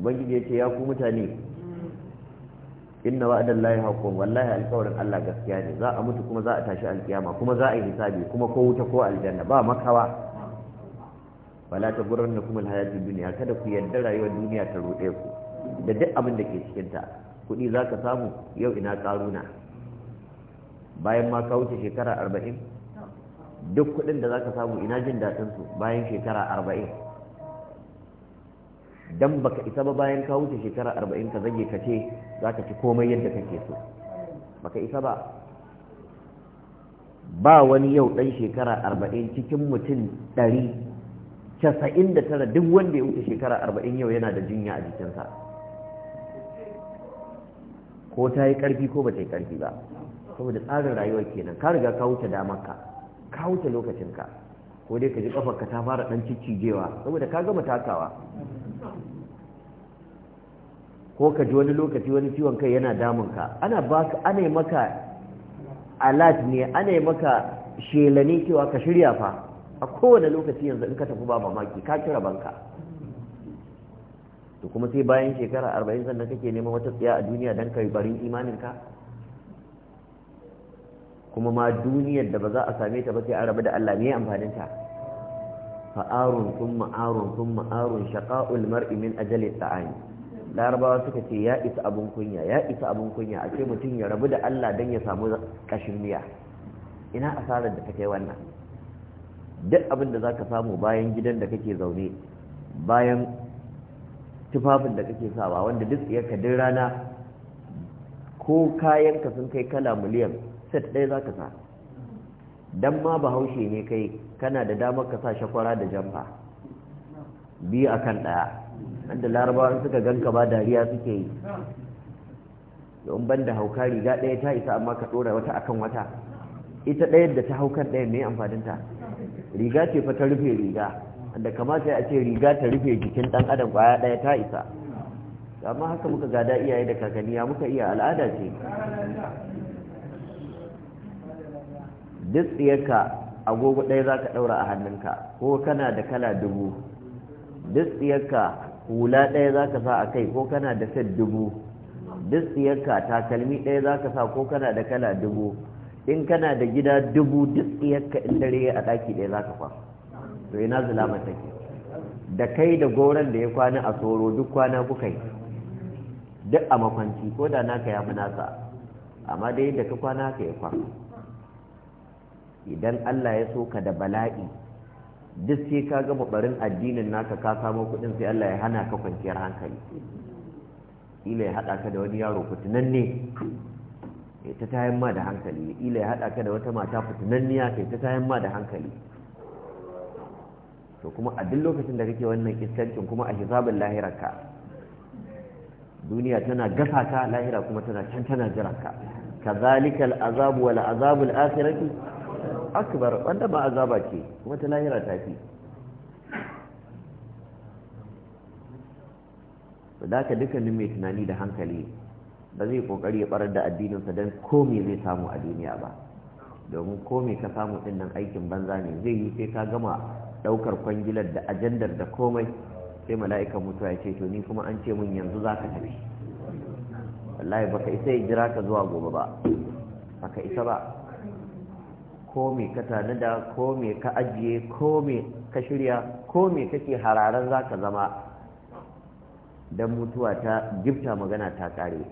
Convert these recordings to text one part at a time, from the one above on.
ubangiji ya ce ya ku mutane inna wa'adan lahi haqqun wallahi alƙawarin Allah gaskiya ne za a mutu kuma za a tashi alkiyama kuma za a yi hisabi kuma ko wuta ko aljanna ba makawa wala ta gurranna kuma alhayatid dunya kada ku yarda rayuwar duniya ta ruɗe ku da duk abin da ke cikin ta kuɗi za ka samu yau ina karuna bayan ma ka wuce shekara arba'in duk kuɗin da zaka samu ina jin su bayan shekara arba'in dan baka isa ba bayan ka wuce shekara arba'in ka zage ka ce za ka ci komai yadda kake so baka isa ba ba wani yau dan shekara arba'in cikin mutum ɗari casa'in da tara duk wanda ya wuce shekara arba'in yau yana da jinya a jikinsa ko ta yi ƙarfi ko ba ta yi ƙarfi ba saboda tsarin rayuwar kenan ka riga ka wuce damarka ka wuce lokacinka ko dai ka ji kafarka ta fara ɗan ciccijewa saboda ka gama takawa ko ka ji wani lokaci wani ciwon kai yana damun ka ana ka ana maka alat ne ana maka shelani cewa ka shirya fa a kowane lokaci yanzu in ka tafi ba mamaki ka kira banka to kuma sai bayan shekara arba'in sannan kake neman wata tsiya a duniya don ka barin barin imaninka kuma ma duniyar da ba za a same ta ba sai an rabu da Allah ne amfanin ta fa'arun thumma arun thumma arun shaqa'ul mar'i min ajali ta'ani larabawa suka ce ya isa abin kunya ya isa abin kunya a ce mutum ya rabu da Allah don ya samu kashin miya ina asarar da ta kai wannan duk abin da za ka samu bayan gidan da kake zaune bayan tufafin da kake sawa wanda duk tsiyarka kadin rana ko ka sun kai kala miliyan set ɗaya za ka sa don ma bahaushe ne kai kana da damar ka sa shakwara da jamfa biyu akan ɗaya wanda larabawa suka ganka ba dariya suke yi don ban da hauka riga ɗaya ta isa amma ka ɗora wata akan wata ita ɗaya da ta haukan ɗaya mai amfaninta riga ce fa ta rufe riga wanda kamata a ce riga ta rufe jikin ɗan adam ƙwaya ɗaya ta isa amma haka muka gada iyaye da kakanni ya muka iya al'ada ce duk tsiyarka agogo ɗaya za ka ɗaura a hannunka ko kana da kala dubu duk tsiyarka hula ɗaya za ka sa a kai ko kana da set dubu duk tsiyarka takalmi ɗaya za ka sa ko kana da kala dubu in kana da gida dubu duk tsiyarka in dare a ɗaki ɗaya za ka kwa to ina zulama take da kai da goron da ya kwana a tsoro duk kwana kuka yi duk a makwanci ko da naka ya fi nasa amma dai da ka kwana ka ya kwana idan Allah ya so ka da bala'i duk sai ka gama barin addinin naka ka samo kuɗin sai Allah ya hana ka kwanciyar hankali ila ya haɗa ka da wani yaro fitinanne ya ta tayan ma da hankali ila ya haɗa ka da wata mata fitinanniya ya ta tayan ma da hankali to kuma a duk lokacin da kake wannan kiskancin kuma a hisabin ka duniya tana gasa ka lahira kuma tana can tana jiranka kazalikal azabu wal azabul akhirati akbar wanda ba azaba ce kuma ta lahira ta fi da ka dukkanin mai tunani da hankali ba zai kokari ya barar da addininsa don komi zai samu a duniya ba domin komi ka samu ɗin aikin banza ne zai yi sai ka gama ɗaukar kwangilar da ajandar da komai sai mala'ikan mutuwa ya ce to ni kuma an ce mun yanzu za ka tafi wallahi baka isa ya jira ka zuwa gobe ba baka isa ba ko me ka tanada ko me ka ajiye ko me ka shirya ko me kake hararan za ka zama don mutuwa ta gifta magana ta kare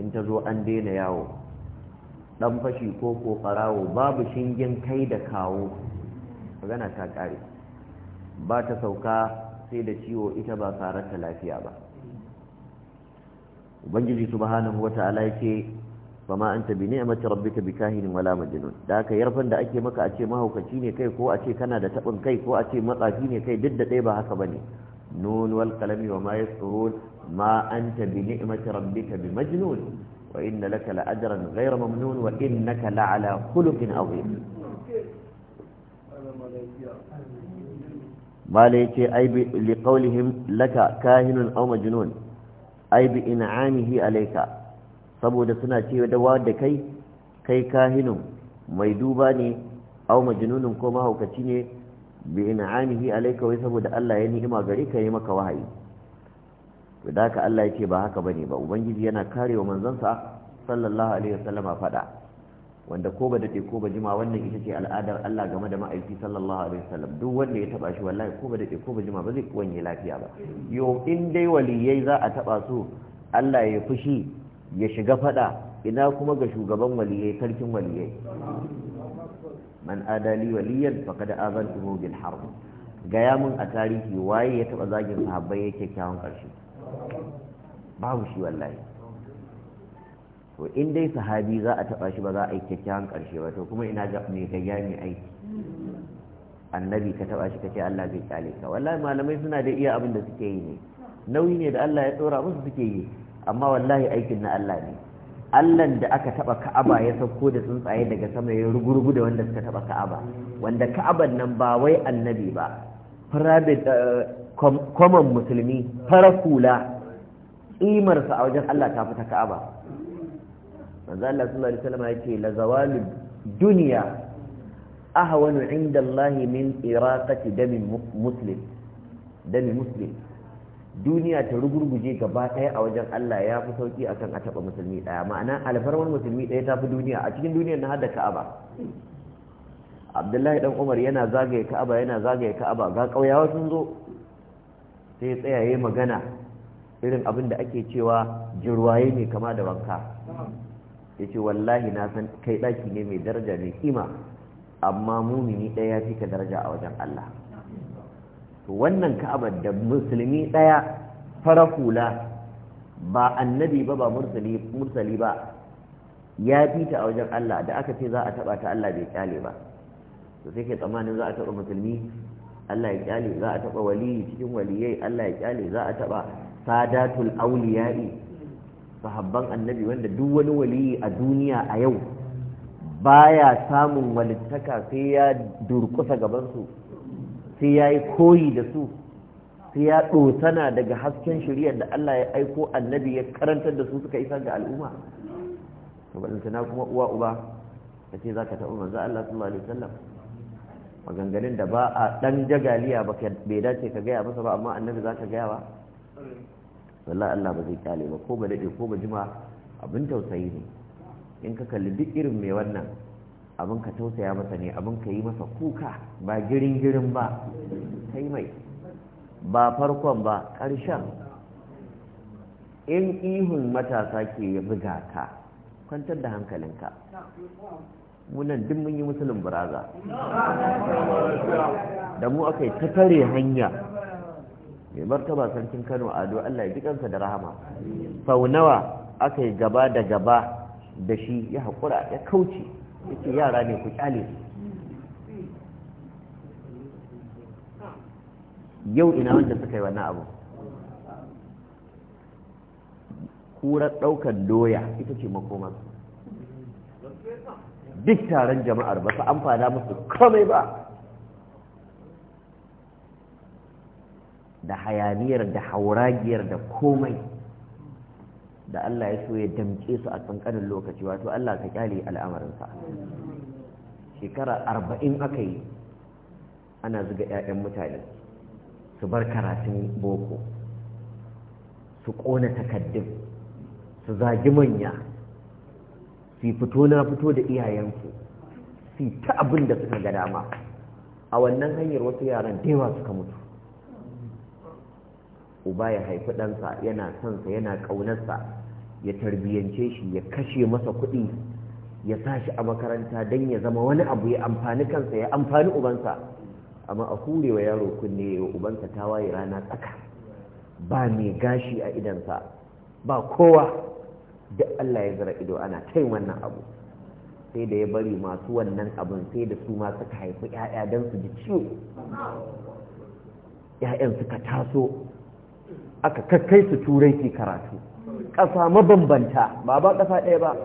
in ta zo an daina yawo dan fashi ko ko farawo babu shingen kai da kawo magana ta kare ba ta sauka sai da ciwo ita ba tsarar ta lafiya ba ubangiji subhanahu wata'ala yake fama anta bi ni'mati rabbika bikahin wala majnun da haka yarfan da ake maka a ce mahaukaci ne kai ko a ce kana da tabin kai ko a ce matsafi ne kai duk da ɗaya ba haka bane nun wal qalami wa ma yasrun ma anta bi ni'mati rabbika bimajnun wa inna laka la'ajran ghayra mamnun wa ai bi laka majnun ai bi in'amihi alayka saboda suna ce da wa da kai kai kahinun mai duba ne au majnunun ko mahaukaci ne bi in'amihi alayka wai saboda Allah ya ni'ima gare ka yi maka wahayi to da haka Allah yake ba haka bane ba ubangiji yana karewa manzansa sallallahu alaihi wasallama fada wanda ko ba dade ko ba jima wannan ita ce al'adar Allah game da ma'aiki sallallahu alaihi wasallam duk wanda ya taba shi wallahi ko ba dade ko ba jima ba zai yi lafiya ba yo in dai waliyai za a taba su Allah ya fushi ya shiga fada ina kuma ga shugaban waliyai sarkin waliyai man adali waliyan faqad azantuhu bil harb gaya mun a tarihi waye ya taba zagin sahabbai yake kyawun karshe babu shi wallahi to in dai sahabi za a taba shi ba za a yi kyakkyawan karshe ba to kuma ina ga me gayya ne aiki annabi ka taba shi kace Allah zai kyale ka wallahi malamai suna da iya abin da suke yi ne nauyi ne da Allah ya tsora musu suke yi amma wallahi aikin na Allah ne Allahn da aka taba Ka'aba ya sauko da tsuntsaye daga sama ya rugurugu da wanda suka taba Ka'aba wanda Ka'aban nan ba wai annabi ba private eh, common musulmi farakula imarsa a wajen Allah ta fita Ka'aba manzo Allah sallallahu alaihi wasallam yace la zawalu dunya ahwanu inda Allah min iraqati dami muslim dami muslim duniya ta rugurguje gaba ɗaya a wajen Allah ya fi sauki akan a taɓa musulmi ɗaya ma'ana alfarmar musulmi ɗaya ta fi duniya a cikin duniyar na hada ka'aba abdullahi dan umar yana zagaye ka'aba yana zagaye ka'aba ga ƙauyawa sun zo sai tsayaye magana irin abin da ake cewa jirwaye ne kama da wanka ya ce wallahi na san kai ɗaki ne mai daraja mai kima amma mumini ɗaya ya fi ka daraja a wajen Allah to wannan ka'abar da musulmi ɗaya fara hula ba annabi ba ba mursali ba ya fi ta a wajen Allah da aka ce za a taɓa ta Allah bai kyale ba to sai ke tsammanin za a taɓa musulmi Allah ya kyale za a taɓa waliyi cikin waliyai Allah ya kyale za a taɓa sadatul auliya'i sahabban annabi wanda duk wani waliyi a duniya a yau baya samun walittaka sai ya durkusa gabansu sai ya yi koyi da su sai ya ɗosana daga hasken shirya da Allah ya aiko annabi ya karantar da su suka isa ga al'umma to na kuma uwa uba ka ce za ka taɓa manzo Allah sallallahu alaihi wasallam maganganun da ba a ɗan jagaliya ba bai dace ka gaya masa ba amma annabi za ka gaya ba wallahi Allah ba zai kyale ba ko ba daɗe ko ba jima abin tausayi ne in ka kalli duk irin mai wannan abin ka tausaya masa ne abin ka yi masa kuka ba girin girin ba kai mai ba farkon ba ƙarshen in ihun matasa ke buga ka kwantar da hankalinka munan duk mun yi musulun baraza da mu aka yi ta tare hanya mai martaba sarkin kano ado allah ya ji kansa da rahama sau nawa aka yi gaba da gaba da shi ya haƙura ya kauce yake yara ne ku kyale su yau ina wanda suka yi wannan abu kurar ɗaukar doya ita ce makoma duk taron jama'ar ba su amfana musu komai ba da hayaniyar da hauragiyar da komai da Allah ya so ya damce su a tsankanin lokaci wato Allah ka kyale al'amarinsa shekara arba'in aka yi ana zuga 'ya'yan mutane su bar karatun boko su ƙona takaddun su zagi manya su fito na fito da iyayensu su ta abin da suka ga dama a wannan hanyar wasu yaran da yawa suka mutu uba ya haifi ɗansa yana sonsa yana ƙaunarsa ya tarbiyance shi ya kashe masa kuɗi ya sa shi a makaranta don ya zama wani abu ya amfani kansa ya amfani ubansa amma a hurewa yaro kunne ya ubansa ta waye rana tsaka ba mai gashi a idansa ba kowa duk Allah ya zara ido ana kai wannan abu sai da ya bari masu wannan abin sai da su ma suka haifi 'ya'ya don su ji ciwo 'ya'yan suka taso aka kakkai su turai ke karatu ƙasa mabambanta ba ba ƙasa ɗaya ba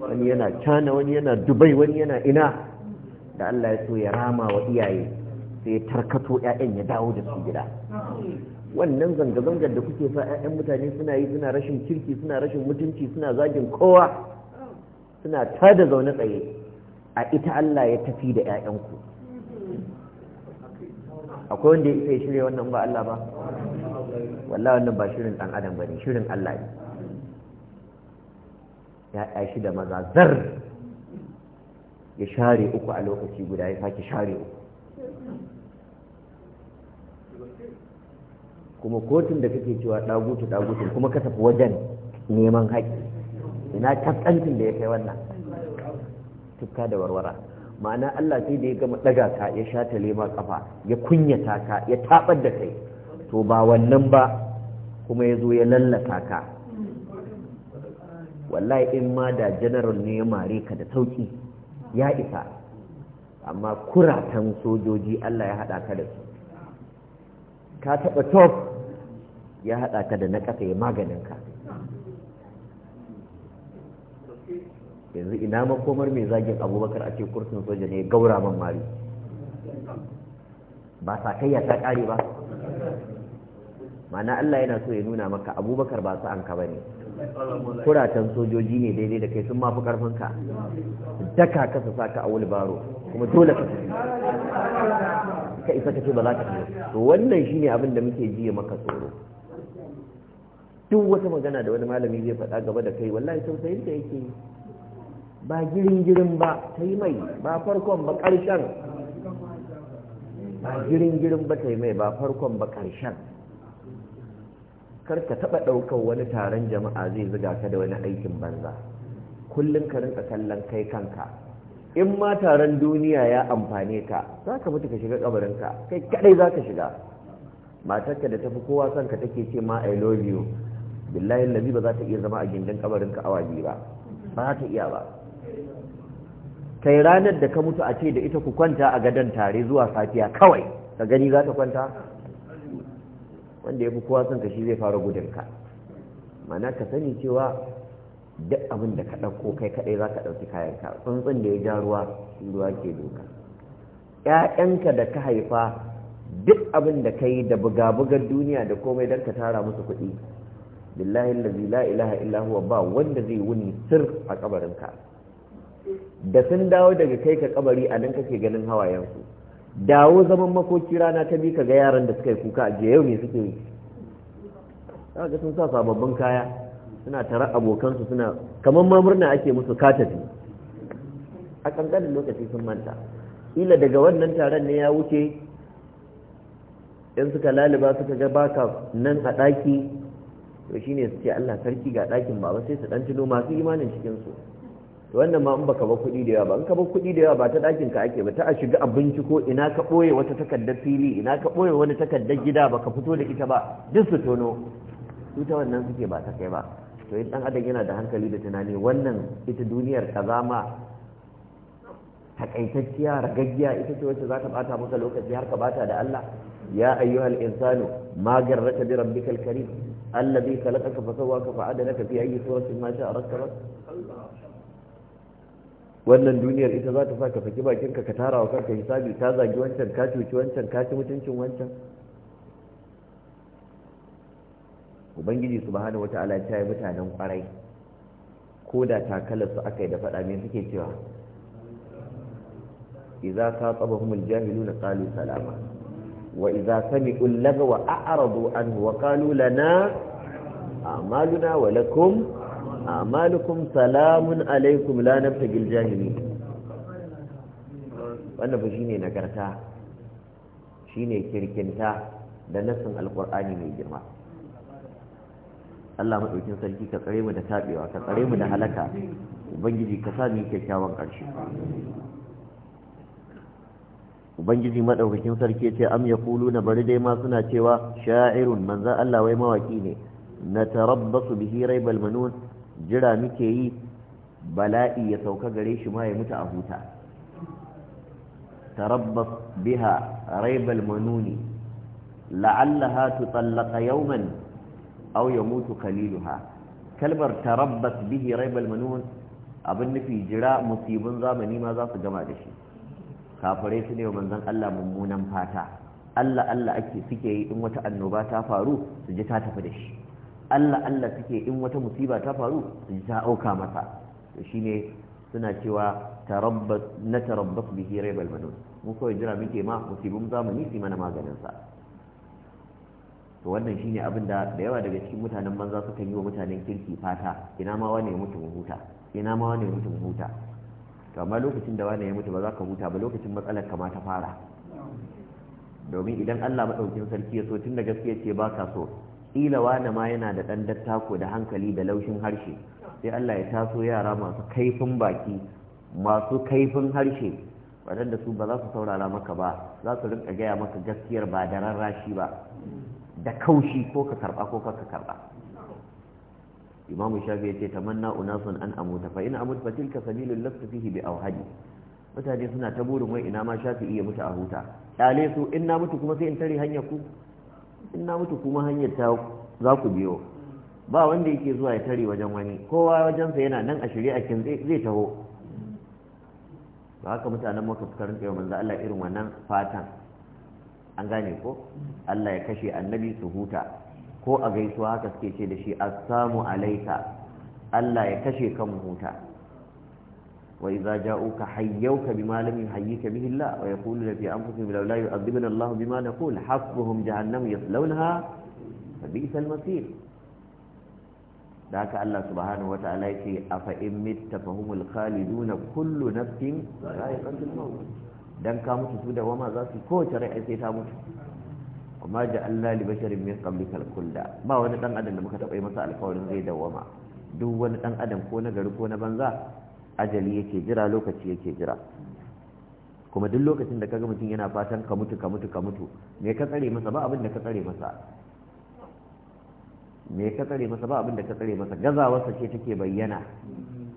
wani yana cana wani yana dubai wani yana ina da Allah ya so ya rama wa iyaye sai ya tarkato 'ya'yan ya dawo da su gida wannan zanga-zangar da kuke sa 'ya'yan mutane suna yi suna rashin kirki suna rashin mutunci suna zagin kowa suna tada zaune tsaye a ita Allah ya tafi da 'ya'yanku akwai wanda ya isa ya shirya wannan ba Allah ba wallah wannan ba shirin ɗan adam ba ne shirin Allah ne ya'ya shida maza zar ya share uku a lokaci guda ya sake share uku kuma kotun da kake cewa ɗagutu ɗagutu kuma ka tafi wajen neman haƙi ina kaskancin da ya kai wannan tukka da warwara ma'ana Allah sai da ya gama ɗaga ka ya shata lema kafa ya kunyata ka ya tabar da kai to ba wannan ba kuma ya zo ya lallata ka wallahi in ma da general ne ya mare ka da sauki ya isa amma kuratan sojoji Allah ya haɗa ka da su ka taɓa top ya haɗa ka da na ƙasa ya maganin ka yanzu ina makomar mai zagin abubakar a ce kursin soja ne gaura man mari ba sa kai ya ta ƙare ba mana Allah yana so ya nuna maka abubakar ba su an ka ba ne kuratan sojoji ne daidai da kai sun mafi karfinka daka ka sa ka a wulbaro kuma dole ka ka isa ka ce ba za ka fiye to wannan shine ne abinda muke jiya maka tsoro duk wata magana da wani malami zai faɗa gaba da kai wallahi tausayin ta yake ba girin-girin ba ta yi mai ba farkon ba ƙarshen ba girin-girin ba ta yi mai ba farkon ba ƙarshen kar ka taɓa ɗaukar wani taron jama'a zai zuga ka da wani aikin banza kullum ka rinka kallon kai kanka in ma taron duniya ya amfane ka za ka mutu ka shiga kabarinka kai kadai za ka shiga matarka da tafi kowa son ka take ce ma i love you billahi lazi ba za ta iya zama a gindin kabarinka awa biyu ba ba ta iya ba kai ranar da ka mutu a ce da ita ku kwanta a gadon tare zuwa safiya kawai ka gani za ta kwanta wanda ya fi kowa son ka shi zai fara gudun ka mana ka sani cewa duk abin da ka ɗauko kai kaɗai za ka ɗauki kayan ka tsuntsun da ya ja ruwa ruwa ke doka ƴaƴanka da ka haifa duk abin da ka yi da buga-bugar duniya da komai don ka tara musu kuɗi billahi lazi la ilaha illa huwa ba wanda zai wuni sir a kabarinka da sun dawo daga kai ka kabari a nan kake ganin hawayensu dawo zaman makoki rana ta bi ga yaran da suka yi kuka a yau ne suke yi ga sun sa sababbin kaya suna tara abokansu suna kamar ma murna ake musu katafi a kankanin lokaci sun manta ila daga wannan taron ne ya wuce yan suka laliba suka ga baka nan a ɗaki to shine su ce Allah sarki ga ɗakin baba sai su ɗan tuno masu imanin cikinsu wannan ma in baka ba kuɗi da yawa ba in ka ba kuɗi da yawa ba ta ɗakin ka ake ba ta a shiga abinci ko ina ka ɓoye wata takardar fili ina ka ɓoye wani takardar gida ba ka fito da ita ba duk su tono su ta wannan suke ba ta kai ba to in ɗan adam yana da hankali da tunani wannan ita duniyar kazama takaitacciya ragaggiya ita ce wacce za ta bata maka lokaci har ka bata da Allah ya ayyuhal insanu ma garrata bi rabbikal karim alladhi khalaqaka fa sawwaka fa adalaka fi ayyi suratin ma sha'a rakkabak wannan duniyar ita za ta sa ka faki bakinka ka tara wa kanka hisabi ta zagi wancan ka cuci wancan ka ci mutuncin wancan ubangiji subhanahu wata'ala ya yi mutanen kwarai ko da takalar su aka yi da faɗa me suke cewa idza khatabahum aljahiluna qalu salama wa idza sami'u lagwa a'radu anhu wa qalu lana a'maluna wa lakum a'malukum salamun alaikum la nabtagil jahili wannan fa shine nagarta shine kirkinta da nassin alqur'ani mai girma Allah madaukin sarki ka tsare mu da tabewa ka tsare mu da halaka ubangiji ka sa mu kyakkyawan ƙarshe ubangiji madaukakin sarki ce am na bari dai ma suna cewa sha'irun manzo Allah wai mawaki ne tarabbasu bihi raibal manun jira muke yi bala'i ya sauka gare shi ma ya mutu a huta tarabbas biha raibal manuni la'allaha tutallaqa yawman aw yamutu kaliluha kalmar tarabbas bihi raibal manun abin nufi jira musibin zamani ma za su gama da shi kafirai su ne wa manzon Allah mummunan fata Allah Allah ake suke yi in wata annoba ta faru su ji ta tafi da shi Allah Allah suke in wata musiba ta faru su ta auka masa to shine suna cewa tarabbas na tarabbas bihi raibal manun mu kawai jira muke ma musibin zamani su mana maganin sa to wannan shine abin da da yawa daga cikin mutanen banza suka yi wa mutanen kirki fata ina ma wane ya mutu mu huta ina ma wane ya mutu mu huta to amma lokacin da wane ya mutu ba za ka huta ba lokacin matsalar kama ta fara domin idan Allah madaukin sarki ya so tun da gaskiya ce ba ka so ƙila wane ma yana da ɗan dattako da hankali da laushin harshe sai Allah ya taso yara masu kaifin baki masu kaifin harshe waɗanda su ba za su saurara maka ba za su rinka gaya maka gaskiyar ba da rarrashi ba da kaushi ko ka karɓa ko ka karɓa imamu shafi ya ce tamanna unasun an amuta fa in amut fa tilka sabilul lastu fihi bi awhadi mutane suna ta burin wai ina ma shafi iya mutu a huta dale su in na mutu kuma sai in tare hanyar ku in na mutu kuma hanyar ta za ku biyo ba wanda yake zuwa ya tare wajen wani kowa wajensa yana nan a shirye a kin zai taho ba haka mutanen maka fukarin tsaye manzo Allah irin wannan fatan an gane ko Allah ya kashe annabi su huta ko a gaisuwa haka suke ce da shi a samu alaika Allah ya kashe kan huta وإذا جاءوك حيوك بما لم يحييك به الله ويقولون في أنفسهم لولا يؤذبنا الله بما نقول حسبهم جهنم يصلونها فبئس المصير ذاك الله سبحانه وتعالى يقول أفإن مت فهم الخالدون كل نفس ذائقة الموت dan ka mutu su da za su kowace rai sai ta mutu amma ja'alna li basharin min qablikal kulla ba wani dan adam da muka taba yi masa alƙawarin zai dawama duk wani dan adam ko na gari ko na banza ajali yake jira lokaci yake jira kuma duk lokacin da kaga mutum yana fatan ka mutu ka mutu ka mutu me ka tsare masa ba abin da ka tsare masa me ka tsare masa ba abin da ka tsare masa gazawarsa ce take bayyana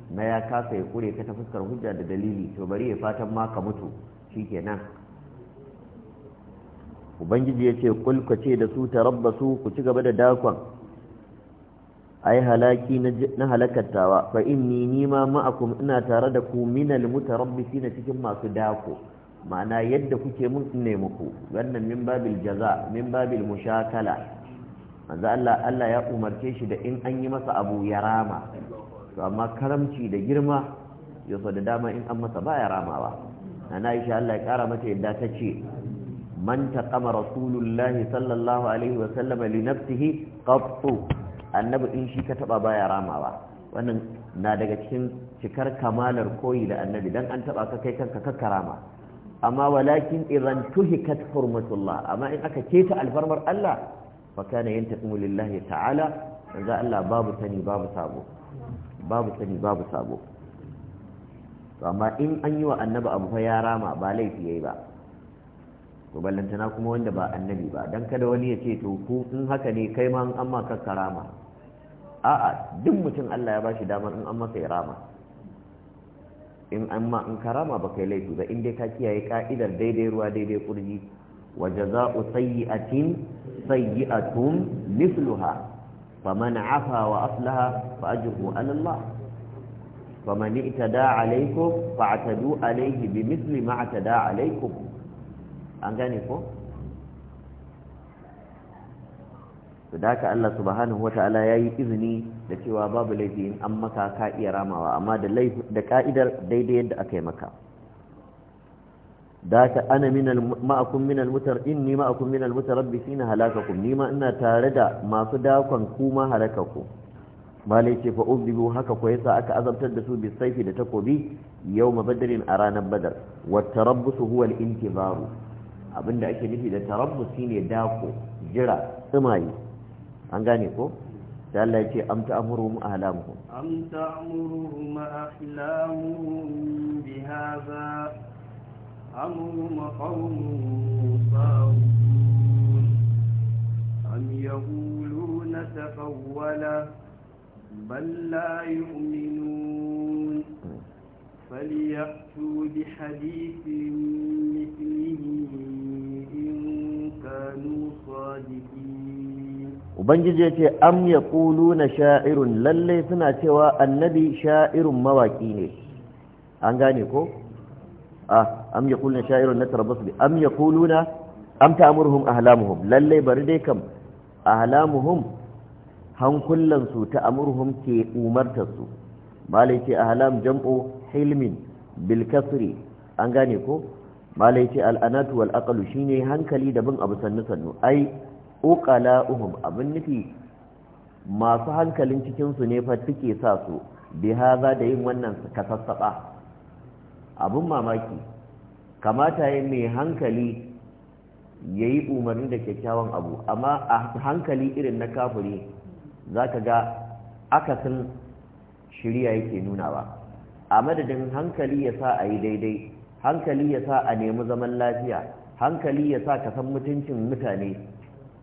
na ya kasa ya kure ka ta fuskar hujja da dalili to bari ya fatan ma ka mutu shikenan ubangiji ya ce kulka ce da su tarabbasu ku ci gaba da dakon ai halaki na halakattawa fa inni nima ma'akum ina tare da ku minal na cikin masu dako ma'ana yadda kuke mun ne muku wannan min babil jaza min babil mushakala manzo Allah Allah ya umarce shi da in an yi masa abu ya rama to amma karamci da girma yaso da dama in an masa ba ya ramawa ana insha Allah ya kara mata yadda ta ce man taqama rasulullahi sallallahu alaihi wa li nafsihi qattu annabi in shi ka taba baya ramawa wannan na daga cikin cikar kamalar koyi da annabi dan an taba ka kai kanka karama amma walakin idan tuhikat hurmatullah amma in aka keta alfarmar Allah fa kana yantaqimu lillahi ta'ala za Allah babu sani babu sabo babu sani babu sabo amma in an yi wa annabi abu fa ya rama ba laifi yayi ba to ballantana kuma wanda ba annabi ba dan kada wani ya ce to ku in haka ne kai ma in an maka karama a'a duk mutum Allah ya bashi damar in an masa irama in an ma in karama ba kai laifi ba in dai ka kiyaye ka'idar daidai ruwa daidai kurji wa jaza'u sayyi'atin sayyi'atun mithluha faman afa wa aslaha fa ajruhu 'ala Allah faman i'tada 'alaykum fa'tadu 'alayhi bimithli ma 'tada 'alaykum an gane ko su da haka Allah subhanahu wataala yayi izini da cewa babu laifi in an maka ka iya ramawa amma da ka'idar daidai yadda aka yi maka da haka ana minal ma'akum minal mutar inni ma'akum minal ni ma ina tare da masu dakon kuma halakaku malai ce fa ubibu haka ko yasa aka azabtar da su bi saifi da takobi yau badrin a ranar badar wata rabbusu huwa al-intizaru abinda ake nufi da tarabbusi shine dako jira tsumaye an gane ko da Allah ya ce am ta'muruhum ahlamuhum am ta'muruhum ahlamuhum bi hadha amhum qawmun musawun am yaquluna taqawwala bal la yu'minun فليأتوا بحديث مثله ubangiji ce am ya kulu na sha'irun lalle suna cewa annabi sha'irun mawaki ne an gane ko? ah am ya kulu na sha'irun na tarbasu ne am ya kulu na am ta amurhum a halamuhum lalle bari dai kam a halamuhum hankullansu ta amurhum ke umartarsu malai ce ahlam halam jam'o hilmin bilkasri an gane ko? malai ce al'anatu wal aqalu shine hankali da bin abu sannu sannu ai uhum abin nufi masu hankalin cikin su ne fa take sa su bi haza da yin wannan ka sassaba abun mamaki kamata yayin mai hankali yayi umarni da kyakkyawan abu amma a hankali irin na kafiri zaka ga akasin shiriya yake nunawa a madadin hankali ya sa a yi daidai hankali ya sa a nemi zaman lafiya hankali ya sa ka san mutuncin mutane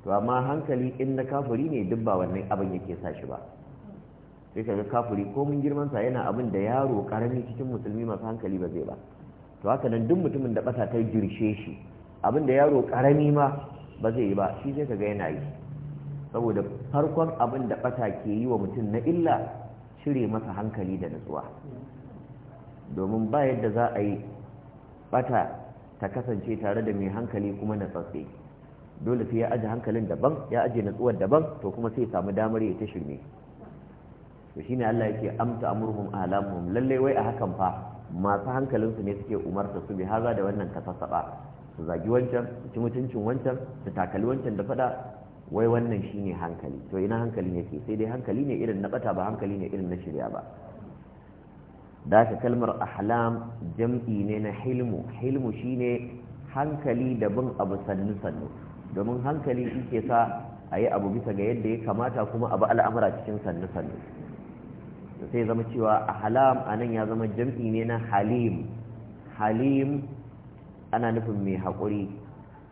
to amma hankali in na kafuri ne duk ba wannan abin yake sa shi ba sai kaga kafuri ko mun girman sa yana abin da yaro karami cikin musulmi masu hankali ba zai ba to haka nan duk mutumin da bata ta jirshe shi abin da yaro karami ma ba zai yi ba shi sai ga yana yi saboda farkon abin da bata ke yi wa mutum na illa cire masa hankali da nutsuwa domin ba yadda za a yi bata ta kasance tare da mai hankali kuma na natsatse dole sai ya aje hankalin daban ya ajiye natsuwar daban to kuma sai ya samu damar ya ta shirme to shine Allah yake amta amurhum alamuhum lalle wai a hakan fa masu hankalin su ne suke umarta su bi haza da wannan kasasaba su zagi wancan su ci mutuncin wancan su takali wancan da fada wai wannan shine hankali to ina hankalin yake sai dai hankali ne irin na bata ba hankali ne irin na shirya ba da ka kalmar ahlam jam'i ne na hilmu hilmu shine hankali da bin abu sannu sannu domin hankali yake sa a yi abu bisa ga yadda ya kamata kuma abu al'amura cikin sannu sannu sai zama cewa ahlam a nan ya zama jam'i ne na halim halim ana nufin mai haƙuri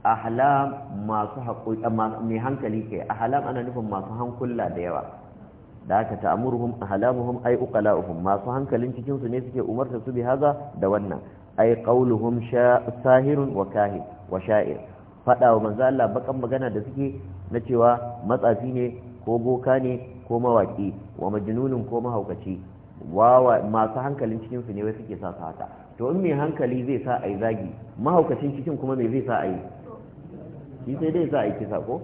ahlam masu haƙuri mai hankali ke ahlam ana nufin masu hankula da yawa da aka ta'amuruhum ahlamuhum ay uqala'uhum masu hankalin cikin su ne suke umarta su bi haza da wannan ay qauluhum sahirun wa kahin wa sha'ir fada wa manzo Allah bakan magana da suke na cewa matsafi ne ko boka ne ko mawaki wa majnunun ko mahaukaci wawa masu hankalin cikin su ne wai suke sa sata, to in mai hankali zai sa ai zagi mahaukacin cikin kuma me zai sa ai shi sai dai sa ai kisa ko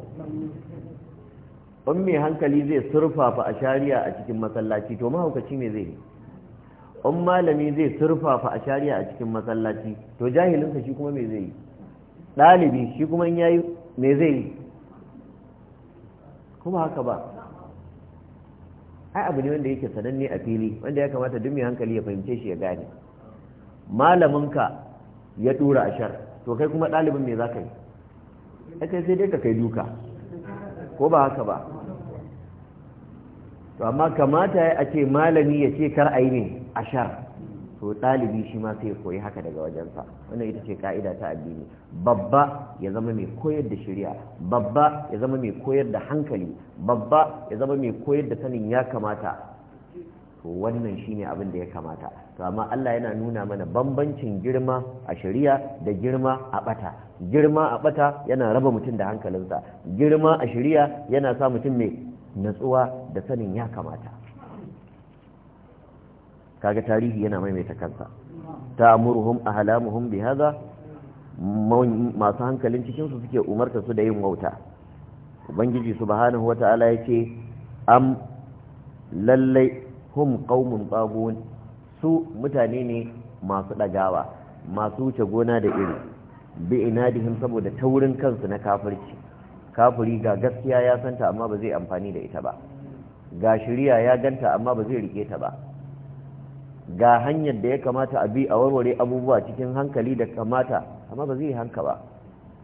in mai hankali zai surfafa a shari'a a cikin masallaci to mahaukaci me zai in malami zai surfafa a shari'a a cikin masallaci to jahilinsa shi kuma me zai yi ɗalibi shi kuma in yayi me zai yi kuma haka ba ai abu ne wanda yake sananne a fili wanda ya kamata duk mai hankali ya fahimce shi ya gane malaminka ya dura ashar to kai kuma ɗalibin me za ka yi kai sai dai ka kai duka ko ba haka ba to amma kamata ya a ce malami ya ce kar a yi ne a to ɗalibi shi ma sai koyi haka daga wajensa wannan ita ce ka'ida ta addini babba ya zama mai koyar da shari'a babba ya zama mai koyar da hankali babba ya zama mai koyar da sanin ya kamata to wannan shine abin da ya kamata to amma Allah yana nuna mana bambancin girma a shari'a da girma a bata girma a bata yana raba mutum da hankalinsa girma a shari'a yana sa mutum mai natsuwa da sanin ya kamata kaga tarihi yana maimaita kansa ta'muruhum ahlamuhum haza masu hankalin cikin su suke umarta su da yin wauta ubangiji subhanahu wata'ala yace am lallai hum qaumun tagun su mutane ne masu dagawa masu wuce gona da iri bi inadihim saboda taurin kansu na kafirci kafiri ga gaskiya ya santa amma ba zai amfani da ita ba ga shari'a ya ganta amma ba zai rike ta ba ga hanyar da ya kamata a bi a warware abubuwa cikin hankali da kamata amma ba zai hanka ba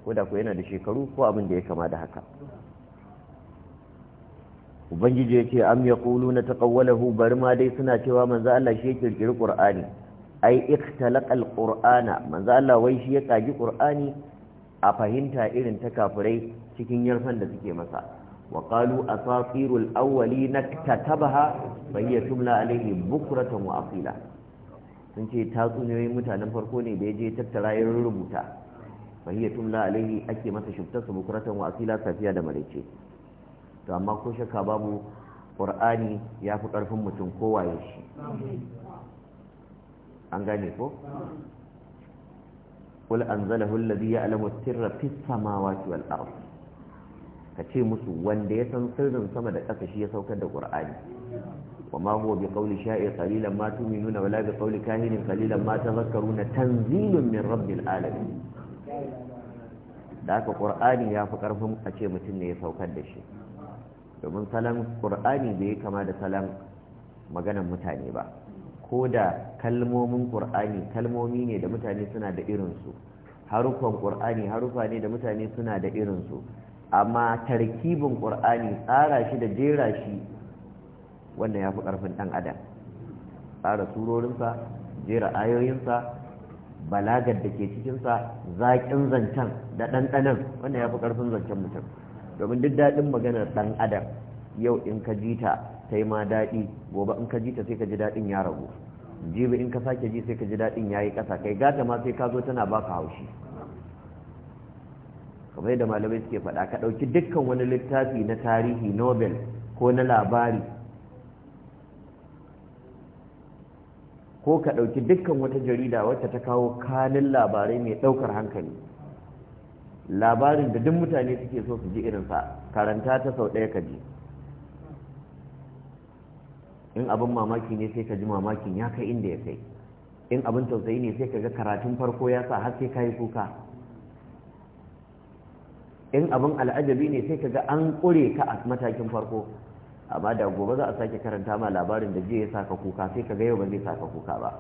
ko da ku yana da shekaru ko abin da ya kama da haka ubangiji ya ce am yaquluna taqawwalahu bari ma dai suna cewa manzo Allah shi ya kirkiri kur'ani ai ikhtalaqa ƙur'ana manzo Allah wai shi ya kaji ƙur'ani a fahimta irin ta kafirai cikin yarfan da suke masa wa qalu asatirul awwalin katabaha fa hiya tumla alayhi bukratan wa asila sun ce tatsuniyoyin mutanen farko ne da ya je tattara ya rubuta fa hiya tumla alayhi ake masa shubtarsa bukratan wa asila safiya da maraice to amma ko shakka babu ƙur'ani ya fi ƙarfin mutum kowaye shi an gane ko قل أنزله الذي يعلم السر في السماوات ka kace musu wanda ya san sirrin sama da ƙasa shi ya saukar da Qur'ani ma huwa bi qawli sha'ir qalilan ma tu'minuna wala bi qawli kahinin qalilan ma tadhakkaruna tanzilun min rabbil alamin da haka Qur'ani ya fi karfin a ce mutum ne ya saukar da shi domin salon ƙur'ani bai yi kama da salon maganan mutane ba ko da kalmomin ƙur'ani kalmomi ne da mutane suna da irinsu haruffan ƙur'ani harufa ne da mutane suna da irinsu amma tarkibin ƙur'ani tsara shi da jera shi wannan ya fi ƙarfin ɗan adam tsara surorinsa jera ayoyinsa balagar da ke cikinsa zaƙin zancen da ɗanɗanan wannan ya fi ƙarfin zancen mutum domin duk daɗin maganar ɗan adam yau in ka ji ta ta yi ma daɗi gobe in ka ji ta sai ka ji daɗin ya ragu jibi in ka sake ji sai ka ji daɗin ya yi ƙasa kai gata ma sai ka zo tana baka haushi kamar yadda malamai suke faɗa ka ɗauki dukkan wani littafi na tarihi nobel ko na labari ko ka ɗauki dukkan wata jarida wacce ta kawo kanin labarai mai ɗaukar hankali labarin da duk mutane suke so su ji irinsa karanta ta sau ɗaya ka ji in abin mamaki ne sai ka ji mamakin ya kai inda ya kai in abin tausayi ne sai ka ga karatun farko ya sa har sai ka yi kuka in abin al'ajabi ne sai ka ga an ƙure ka a matakin farko amma da gobe za a sake karanta ma labarin da jiya ya sa ka kuka sai ka ga yau ba zai sa ka kuka ba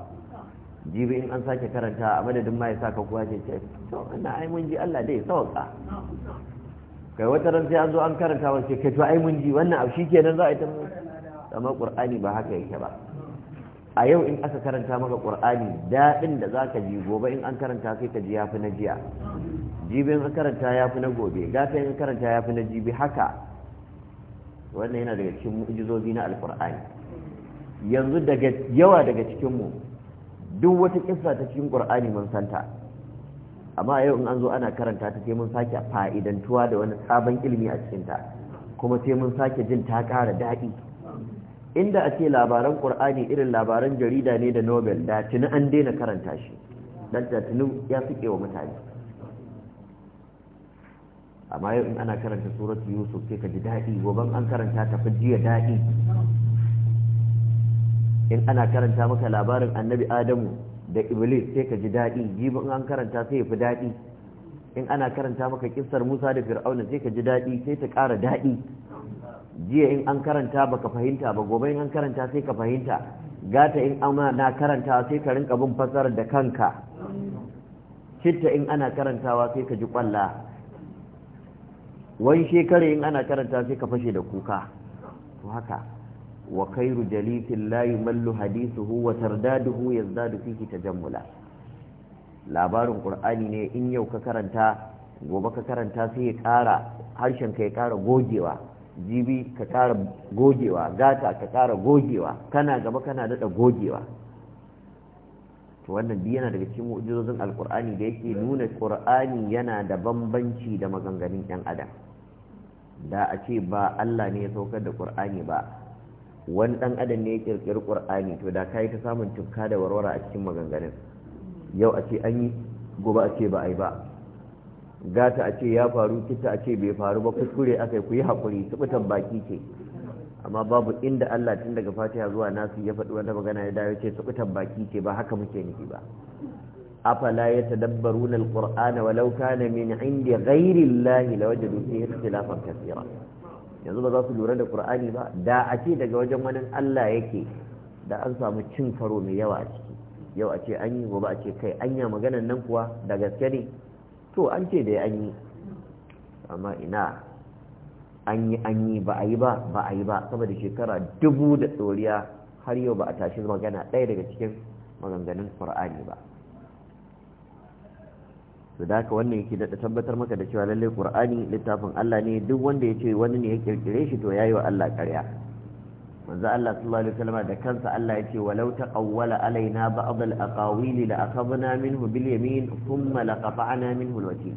jibi in an sake karanta a madadin ma ya sa ka kuwa ce ce to ina ai mun ji Allah dai sauka kai wata ran sai an zo an karanta wace kai to ai mun ji wannan abu shikenan za a yi ta mu amma qur'ani ba haka yake ba a yau in aka karanta maka qur'ani dadin da zaka ji gobe in an karanta sai ka ji yafi na jiya jibi in karanta yafi na gobe gata in karanta yafi na jibi haka wannan yana daga cikin mu'jizozi na alqur'ani yanzu daga yawa daga cikin mu duk wata kissa ta cikin qur'ani mun santa amma yau in an zo ana karanta ta sai mun sake fa'idantuwa da wani sabon ilimi a cikin ta kuma sai mun sake jin ta ƙara daɗi inda a ce labaran ƙur'ani irin labaran jarida ne da nobel da tuni an daina karanta shi dan da tuni ya fike wa mutane amma yau in ana karanta suratul yusuf sai ka ji daɗi gobe an karanta ta fi jiya daɗi in ana karanta maka labarin annabi adamu da iblis sai ka ji daɗi jibin an karanta sai ya fi daɗi in ana karanta maka kisar musa da fir'auna sai ka ji daɗi sai ta ƙara daɗi jiya in an karanta baka fahimta ba gobe in an karanta sai ka fahimta gata in ana na karanta sai ka rinka bin fasar da kanka citta in ana karantawa sai ka ji kwalla wani shekaru in ana karanta sai ka fashe da kuka to haka وخير جليس لا يمل حديثه وترداده يزداد فيه تجملا labarin qur'ani ne in yau ka karanta gobe ka karanta sai ya kara harshen ka ya kara gogewa jibi ka kara gogewa gata ka kara gogewa kana gaba kana daɗa gogewa to wannan biyu yana daga cikin mu'jizozin alƙur'ani da yake nuna ƙur'ani yana da bambanci da maganganun 'yan adam da a ce ba Allah ne ya saukar da ƙur'ani ba wani dan adam ne ya kirkiri qur'ani to da kai ta samun tufka da warwara a cikin maganganun yau a ce an yi gobe a ce ba a yi ba gata a ce ya faru kitta a ce bai faru ba kuskure akai ku yi hakuri tubutan baki ce amma babu inda Allah tun daga Fatiha zuwa Nasu ya faɗi wata magana ya dawo ce tubutan baki ce ba haka muke nufi ba afala yatadabbaruna alqur'ana walau kana min indi ghairi llahi lawajadu fihi ikhtilafan kaseera yanzu ba za su lura da qur'ani ba da a ce daga wajen wani Allah yake da an samu cin faro mai yawa a ciki yau a ce an yi gobe a ce kai anya maganan nan kuwa da gaske ne to an ce da an yi amma ina an yi an yi ba a yi ba ba a yi ba saboda shekara dubu da tsoriya har yau ba a tashi magana ɗaya daga cikin maganganun qur'ani ba su da haka wannan yake daɗa tabbatar maka da cewa lallai kur'ani littafin Allah ne duk wanda ya ce wani ne ya kirkire shi to yayi wa Allah ƙarya manzo Allah sallallahu alaihi wasallam da kansa Allah ya ce walau taqawwala alaina ba'd al-aqawili la akhadna minhu bil yamin thumma laqata'na minhu al-watil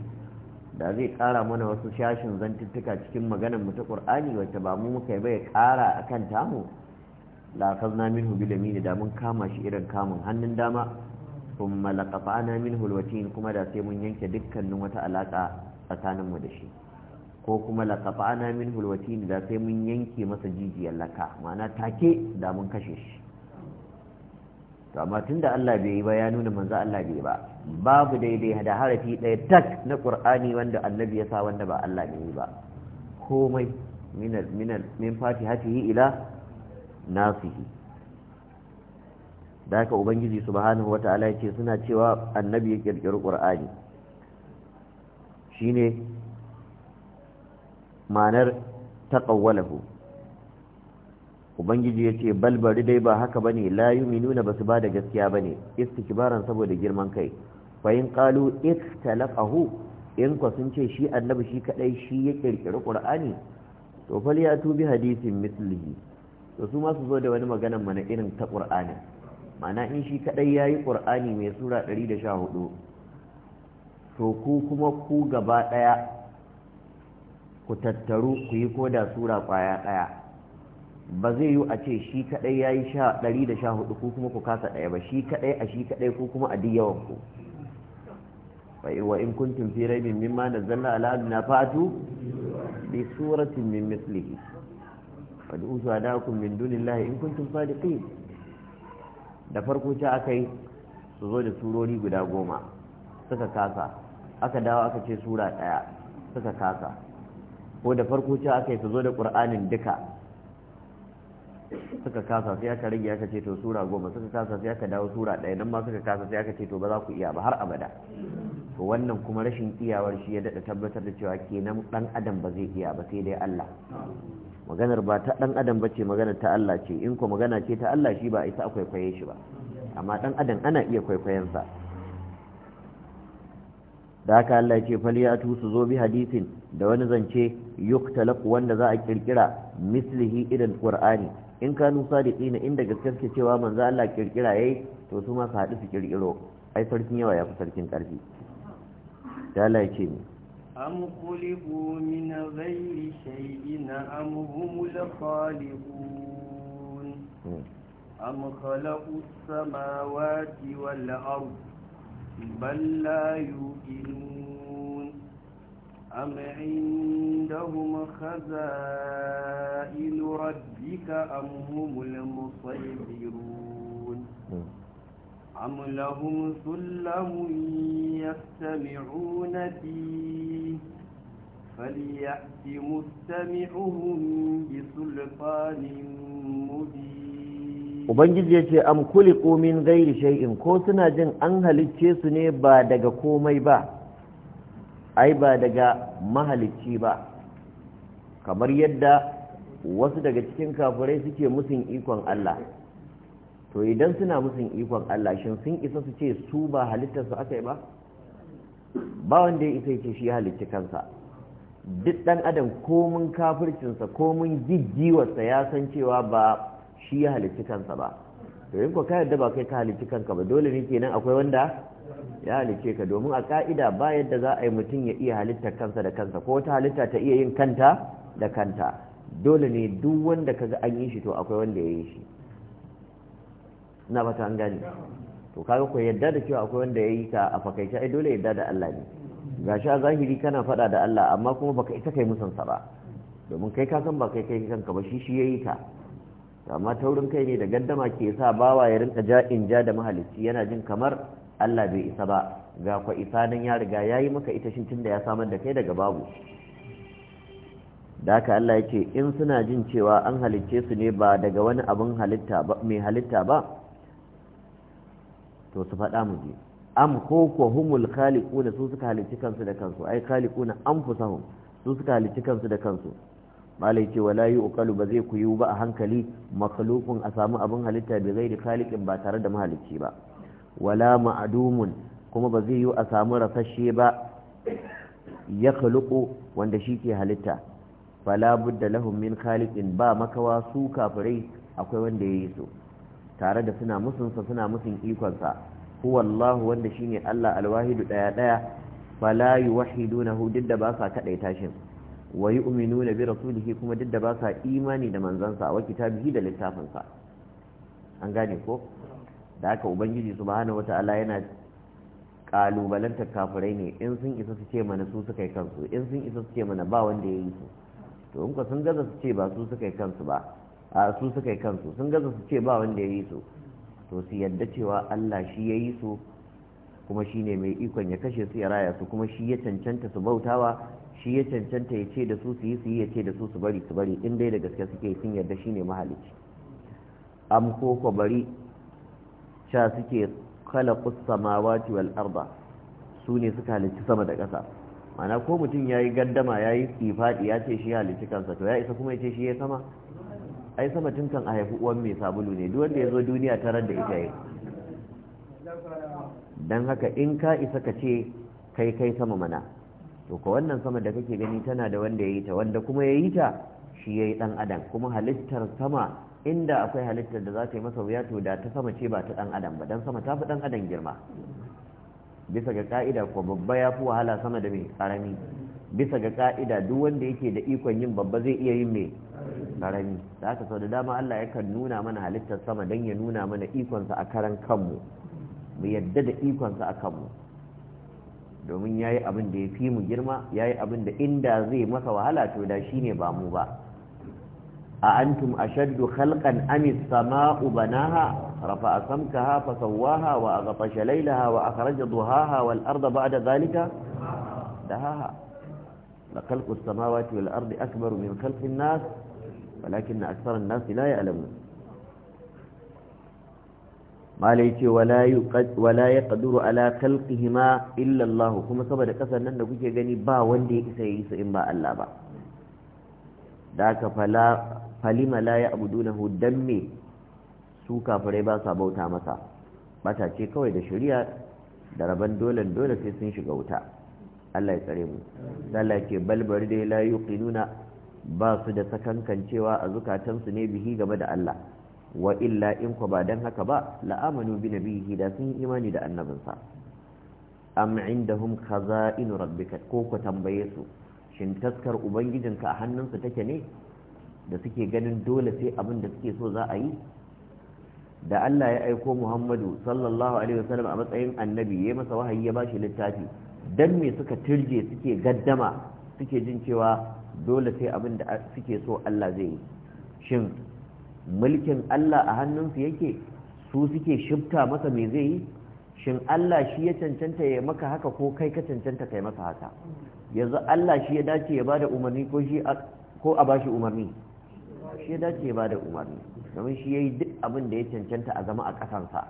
da zai ƙara mana wasu shashin zantuttuka cikin maganar mu ta kur'ani wacce ba mu muka yi ba ya ƙara akan tamu la akhadna minhu bil yamin da mun kama shi irin kamun hannun dama ثم لقطعنا منه الوتين كما دا سي من ينكي dukkanin wata alaka tsakanin mu da shi ko kuma laqata'na minhu alwatin da sai mun yanke masa jijiyar laka ma'ana take da mun kashe shi to amma tunda Allah bai yi ba ya nuna manzo Allah bai ba babu daidai da harafi ɗaya tak na Qur'ani wanda annabi ya sa wanda ba Allah bai ba komai min min min fatihati ila nasihi da haka ubangiji subhanahu wataala ya ce suna cewa annabi ya kirkiri qur'ani shine ma'anar taqawwalahu ubangiji ya ce bal bari dai ba haka bane la yu'minuna basu ba da gaskiya bane istikbaran saboda girman kai fa in qalu in ko sun ce shi annabi shi kadai shi ya kirkiri qur'ani to fal ya tubi hadisin mislihi to su ma su zo da wani maganan mana irin ta qur'ani mana in shi kadai ya yi ƙur'ani mai sura 114 to ku kuma ku gaba ɗaya ku tattaru ku yi koda sura ƙwaya ɗaya ba zai yi a ce shi kadai ya yi 114 ku kuma ku kasa ɗaya ba shi kadai a shi kadai ku kuma a duk yawan ku wa in kuntum fi raibin mimma nazzalna ala abdina fatu bi suratin min mislihi fad'u sadakum min dunillahi in kuntum sadiqin da farko ta aka yi su zo da surori guda goma suka kasa aka dawo aka ce sura ɗaya suka kasa ko da farko ta aka yi su zo da ƙur'anin duka suka kasa sai aka rage aka ce to sura goma suka kasa sai aka dawo sura ɗaya nan ma suka kasa sai aka ce to ba za ku iya ba har abada to wannan kuma rashin iyawar shi ya daɗa tabbatar da cewa kenan ɗan adam ba zai iya ba sai dai Allah maganar ba ta dan adam bace maganar ta Allah ce in ko magana ce ta Allah shi ba a isa akwai kwaye shi ba amma dan adam ana iya kwaikwayen sa da haka Allah ya ce faliyatu su zo bi hadisin da wani zance yuktalaku wanda za a kirkira mislihi idan qur'ani in da ina inda gaskiya cewa manzo Allah kirkira yayi to su ma su hadu su kirkiro ai sarkin yawa ya fi sarkin karfi. da Allah ya ce ni am min أم هم الخالقون أم خلقوا السماوات والأرض بل لا يوقنون أم عندهم خزائن ربك أم هم المصيبرون أم لهم سلم يستمعون فيه فليأتي مستمعهم بسلطان مبين Ubangiji ya ce, Am kuli min gairi shay'in ko suna jin an halicce su ne ba daga komai ba, ai ba daga mahalicci ba, kamar yadda wasu daga cikin kafirai suke musun ikon Allah. To idan suna musun ikon Allah, shin sun isa su ce su ba halittarsu aka yi ba? Ba wanda ya isa ya ce shi halitti kansa. duk ɗan adam komin kafircinsa komin jijjiwarsa ya san cewa ba shi ya halicci kansa ba domin ko ka yadda ba kai ka halicci kanka ba dole ne kenan akwai wanda ya halicce ka domin a ka'ida ba yadda za a yi mutum ya iya halittar kansa da kansa ko wata halitta ta iya yin kanta da kanta dole ne duk wanda ga an yi shi to akwai wanda ya yi shi na fata an gane to kaga ko yadda da cewa akwai wanda ya yi ka a fakaice ai dole yadda da Allah ne gashi a zahiri kana fada da Allah amma kuma baka ita kai musansa ba domin kai ka san ba kai kai kanka ba shi shi yayi ka amma taurin kai ne da gaddama ke sa bawa ya rinka ja'in ja da mahalicci yana jin kamar Allah bai isa ba ga kwa isa nan ya riga yayi maka ita shi tunda ya samar da kai daga babu da haka Allah yake in suna jin cewa an halicce su ne ba daga wani abin halitta ba mai halitta ba to su faɗa mu je am ko ko humul khaliquna su suka halicci kansu da kansu ai khaliquna anfusahum su suka halicci kansu da kansu malai ce wala yuqalu ba zai kuyu ba a hankali makhluqun a samu abin halitta bi da khaliqin ba tare da mahalicci ba wala ma'dumun kuma ba zai yi a samu rasashe ba ya khluqu wanda shi ke halitta fala budda lahum min khaliqin ba makawa su kafirai akwai wanda yayi su tare da suna musunsa suna musun ikonsa huwa Allah wanda shine Allah alwahidu daya daya fala yuwahidunahu hu didda ba sa kadai kadaita shi wa na bi rasulihi kuma didda ba sa imani da manzansa wa kitabihi da sa an gane ko da haka ubangiji subhanahu wataala yana kalubalantar kafirai ne in sun isa su ce mana su suka yi kansu in sun isa su ce mana ba wanda ya yi su to in ka sun gaza su ce ba su suka yi kansu ba a su suka yi kansu sun gaza su ce ba wanda ya yi su to su yadda cewa Allah shi ya yi su kuma shi ne mai ikon ya kashe su ya raya su kuma shi ya cancanta su bautawa shi ya cancanta ya ce da su su yi su yi ya ce da su su bari su bari in dai da gaske suke sun yarda shi ne mahalicci am ko ko bari sha suke kala samawati wal arba su ne suka halicci sama da kasa mana ko mutum ya yayi gaddama yi ifadi ya ce shi halicci kansa to ya isa kuma ya ce shi ya sama ai sama tun kan a haifi uwan mai sabulu ne duk wanda ya zo duniya ta da ita yi don haka in ka isa ka ce kai kai sama mana to ka wannan sama da kake gani tana da wanda ya yi ta wanda kuma ya yi ta shi ya yi dan adam kuma halittar sama inda akwai halittar da za ta yi masa wuya to da ta sama ce ba ta dan adam ba dan sama ta fi dan adam girma bisa ga ka'ida ko babba ya fi wahala sama da mai karami bisa ga ka'ida duk wanda yake da ikon yin babba zai iya yin mai karami da haka sau da dama Allah yakan nuna mana halittar sama don ya nuna mana ikonsa a karan kanmu mu yadda da ikonsa a kanmu domin ya yi abin da ya fi mu girma ya yi abin da inda zai masa wahala to da shi ne ba mu ba a antum ashaddu khalqan amis sama'u banaha رفع a فسواها wa ليلها وأخرج ضهاها والأرض بعد ذلك دهاها لخلق السماوات والأرض أكبر من خلق الناس ولكن أكثر الناس لا يعلمون ما ليتي ولا, يقد ولا يقدر على خلقهما إلا الله كما سبب كسر نن كوكي غني با وندي يسي يسي ان با الله با ذاك فلا فلما لا يعبدونه دمي su kafirai ba sa bauta masa bata ce kawai da shari'a da rabon dole dole sai sun Allah ya tsare mu Allah ya ce dai la yuqinuna ba su da sakankan cewa a zukatansu ne bihi game da Allah wa illa in ku ba dan haka ba la amanu bi nabihi da sun imani da annabinsa am indahum khaza'in rabbika ko ku tambaye su shin taskar ubangijinka a hannunsu take ne da suke ganin dole sai abin da suke so za a yi da Allah ya aiko Muhammadu sallallahu alaihi wasallam a matsayin annabi ya masa wahayi ya bashi littafi dan me suka turje suke gaddama suke jin cewa dole sai abin da suke so Allah zai yi shin mulkin Allah a hannunsu yake su suke shifta masa me zai yi shin Allah shi ya cancanta ya maka haka ko kai ka cancanta kai masa haka yanzu Allah shi ya dace ya bada umarni ko shi ko a bashi umarni shi ya dace ya bada umarni domin shi yayi duk abin da ya cancanta a zama a kasansa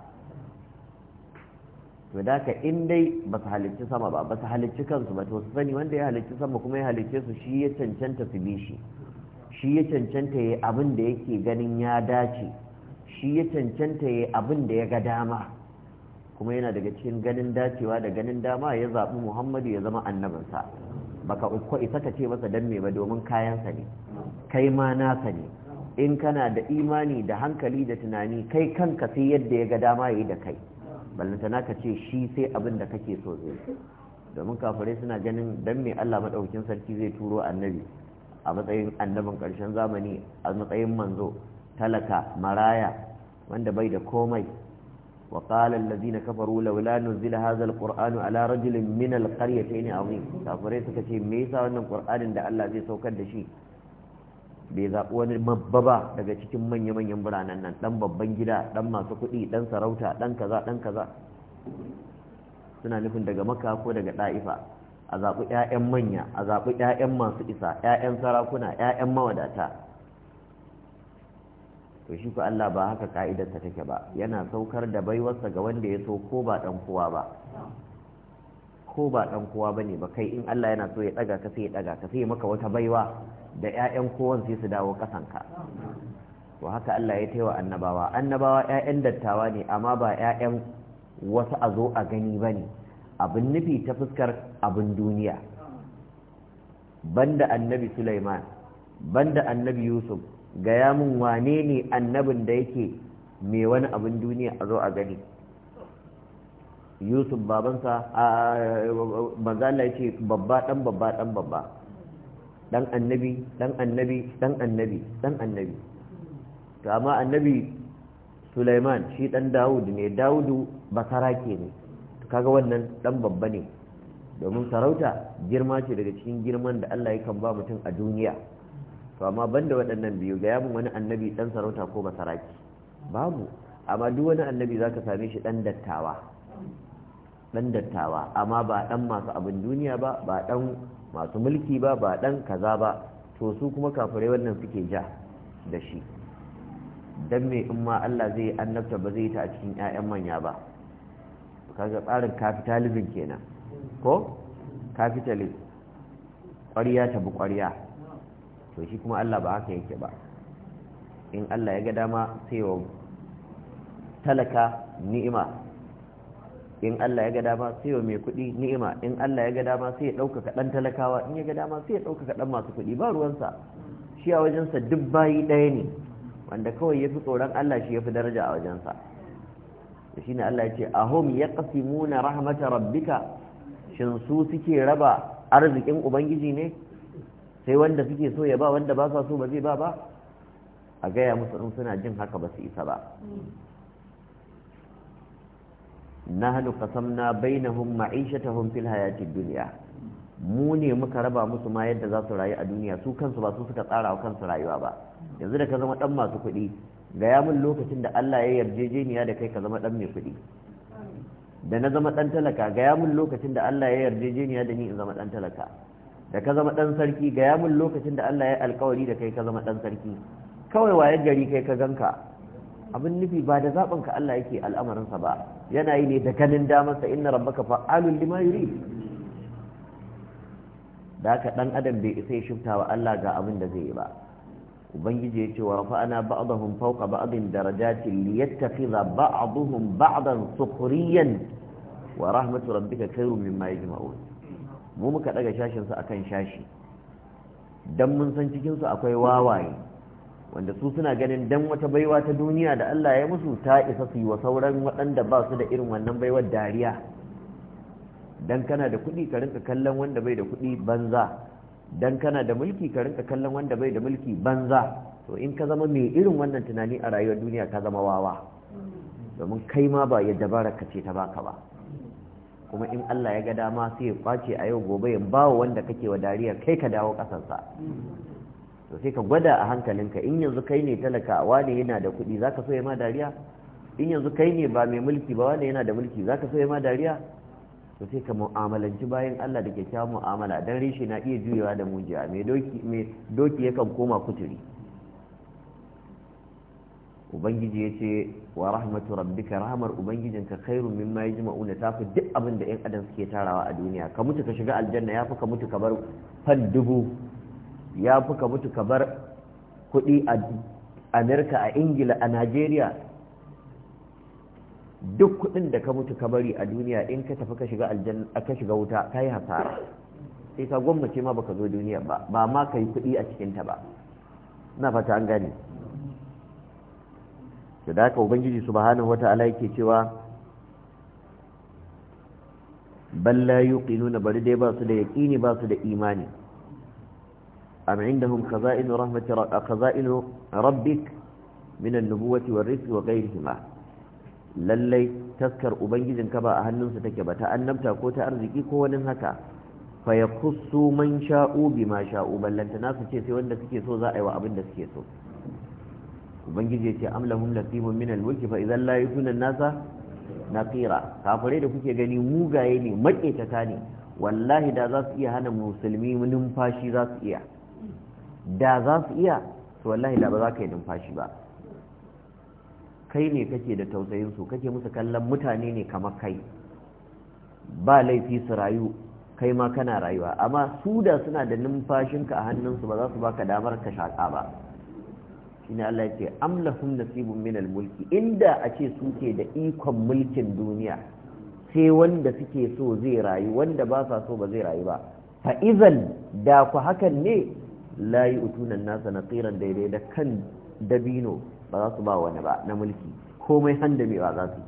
to da ka in dai ba su halicci sama ba ba su halicci kansu ba to su sani wanda ya halicci sama kuma ya halicce su shi ya cancanta su bi shi shi ya cancanta ya abin da yake ganin ya dace shi ya cancanta ya abin da ya ga dama kuma yana daga cikin ganin dacewa da ganin dama ya zaɓi muhammadu ya zama annabinsa baka uku isa ka ce masa dan me ba domin kayansa ne kai ma nasa ne in kana da imani da hankali da tunani kai kanka sai yadda ya ga dama ya yi da kai na ka ce shi sai abin da kake so zai domin kafirai suna ganin dan mai Allah madaukakin sarki zai turo annabi a matsayin annabin karshen zamani a matsayin manzo talaka maraya wanda bai da komai wa qala allazina kafaru laula nuzila hadha alqur'anu ala rajulin min alqaryatayn azim kafirai suka ce me yasa wannan qur'anin da Allah zai saukar da shi bai zaɓi wani babba ba daga cikin manya-manyan biranen nan ɗan babban gida ɗan masu kuɗi ɗan sarauta ɗan kaza ɗan kaza suna nufin daga maka ko daga ɗa'ifa a zaɓi 'ya'yan manya a zaɓi 'ya'yan masu isa 'ya'yan sarakuna 'ya'yan mawadata to shi ku Allah ba haka ka'idarsa take ba yana saukar da baiwarsa ga wanda ya so ko ba ɗan kowa ba ko ba ɗan kowa bane ba kai in Allah yana so ya ɗaga ka sai ya daga ka sai maka wata baiwa da 'ya'yan kowan sai su dawo kasan ka to haka Allah ya taiwa annabawa annabawa 'ya'yan dattawa ne amma ba 'ya'yan wasu a zo a gani bane abin nufi ta fuskar abin duniya banda annabi Sulaiman banda annabi Yusuf gaya mun wane ne annabin da yake mai wani abin duniya a zo a gani yusuf babansa manzo Allah ya ce babba dan babba dan babba dan annabi dan annabi dan annabi dan annabi to amma annabi Sulaiman shi dan Dawud ne Dawudu basarake ne kaga wannan dan babba ne domin sarauta girma ce daga cikin girman da Allah yakan ba mutum a duniya to amma banda waɗannan biyu ga yamin wani annabi dan sarauta ko basarake babu amma duk wani annabi zaka same shi dan dattawa dan dattawa amma ba dan masu abin duniya ba ba dan masu mulki ba ba dan kaza ba to su kuma kafirai wannan suke ja da shi dan me in ma Allah zai annabta ba zai ta a cikin ƴaƴan manya ba kaga tsarin capitalism kenan ko capitalism ƙwariya ta bi ƙwariya to shi kuma Allah ba haka yake ba in Allah ya ga dama sai wa talaka ni'ima in Allah ya ga dama sai ya mai kuɗi ni'ima in Allah ya ga dama sai ya ɗaukaka ɗan talakawa in ya ga dama sai ya ɗaukaka ɗan masu kuɗi ba ruwansa shi a wajensa duk bayi ɗaya ne wanda kawai ya fi tsoron Allah shi ya fi daraja a wajensa shi ne Allah ya ce ahum ya muna rahmata rabbika shin su suke raba arzikin ubangiji ne sai wanda suke so ya ba wanda ba sa so ba zai ba ba a gaya musu suna jin haka ba su isa ba nahnu qasamna bainahum ma'ishatahum fil hayatid dunya mu ne muka raba musu ma yadda za su rayu a duniya su kansu ba su suka tsara wa kansu rayuwa ba yanzu da ka zama dan masu kuɗi gaya min lokacin da Allah ya yarjejeniya da kai ka zama dan mai kuɗi da na zama dan talaka gaya min lokacin da Allah ya yarjejeniya da ni in zama dan talaka da ka zama dan sarki gaya min lokacin da Allah ya alkawari da kai ka zama dan sarki kawai waye gari kai ka ganka abin nufi ba da zaɓin ka Allah yake al'amarinsa ba yana yi ne da ganin damarsa inna rabbaka fa'alun lima yuri da aka ɗan adam bai isa ya shifta wa Allah ga abin da zai yi ba ubangiji ya ce wa rafa'ana ba'dahum fawqa ba'din darajatin liyattakhidha ba'aduhun ba'dan sukhriyan wa rahmatu rabbika khairum mimma yajma'un mu muka daga sashen su akan shashi dan mun san cikinsu akwai wawaye wanda su suna ganin dan wata baiwa ta duniya da Allah ya musu ta isa su yi wa sauran waɗanda ba su da irin wannan baiwar dariya dan kana da kuɗi ka rinka kallon wanda bai da kuɗi banza dan kana da mulki ka rinka kallon wanda bai da mulki banza to in ka zama mai irin wannan tunani a rayuwar duniya ka zama wawa domin kai ma ba yadda baraka ce ta baka ba kuma in Allah ya ga dama sai ya kwace a yau gobe ya bawa wanda kake wa dariya kai ka dawo kasansa to sai ka gwada a hankalinka in yanzu kai ne talaka wane yana da kuɗi za ka so ya ma dariya in yanzu kai ne ba mai mulki ba wane yana da mulki za ka so ya ma dariya to sai ka mu'amalanci bayan Allah da kyawun mu'amala dan reshe na iya juyewa da mujiya mai doki mai doki yakan koma kuturi ubangiji ya ce wa rahmatu rabbika rahmar ubangijinka khairun mimma na tafi duk abin da 'yan adam suke tarawa a duniya ka mutu ka shiga aljanna yafi ka mutu ka bar fan dubu ya fi ka mutu ka bar kuɗi a amerika a ingila a najeriya duk kuɗin da ka mutu ka bari a duniya in ka tafi ka shiga aljanna ka shiga wuta ka yi hasara sai ka gwamnati ma baka zo duniya ba ba ma ka yi kuɗi a cikin ta ba na fata an gane da da haka ubangiji subhanahu wata'ala yake cewa balla yuqinuna bari dai ba su da yaqini ba su da imani am indahum khaza'in rahmati khaza'in rabbik min an-nubuwati war-rizqi wa ghayrihima lallai taskar ubangijinka ba a hannunsa take ba ta annabta ko ta arziki ko wani haka fa ya kusu man sha'u ballanta na ce sai wanda suke so za a yi wa abin da suke so ubangiji ya ce amlahum nasibun min al-mulki fa idan la yutuna nasa naqira kafirai da kuke gani mugaye ne maƙetata ne wallahi da za su iya hana musulmi numfashi za su iya da za su iya to wallahi da ba za ka yi numfashi ba kai ne kake da tausayin su kake musu kallon mutane ne kamar kai ba laifi su rayu kai ma kana rayuwa amma su da suna da numfashin ka a hannun su, ba za su baka damar ka shaka ba shine Allah yake ce nasibun minal mulki inda a ce suke da ikon mulkin duniya sai wanda suke so zai rayu wanda ba sa so ba zai rayu ba fa idan da ku hakan ne la utunan nasa na tsiran daidai da kan dabino ba za su ba wani ba na mulki komai handa ba za su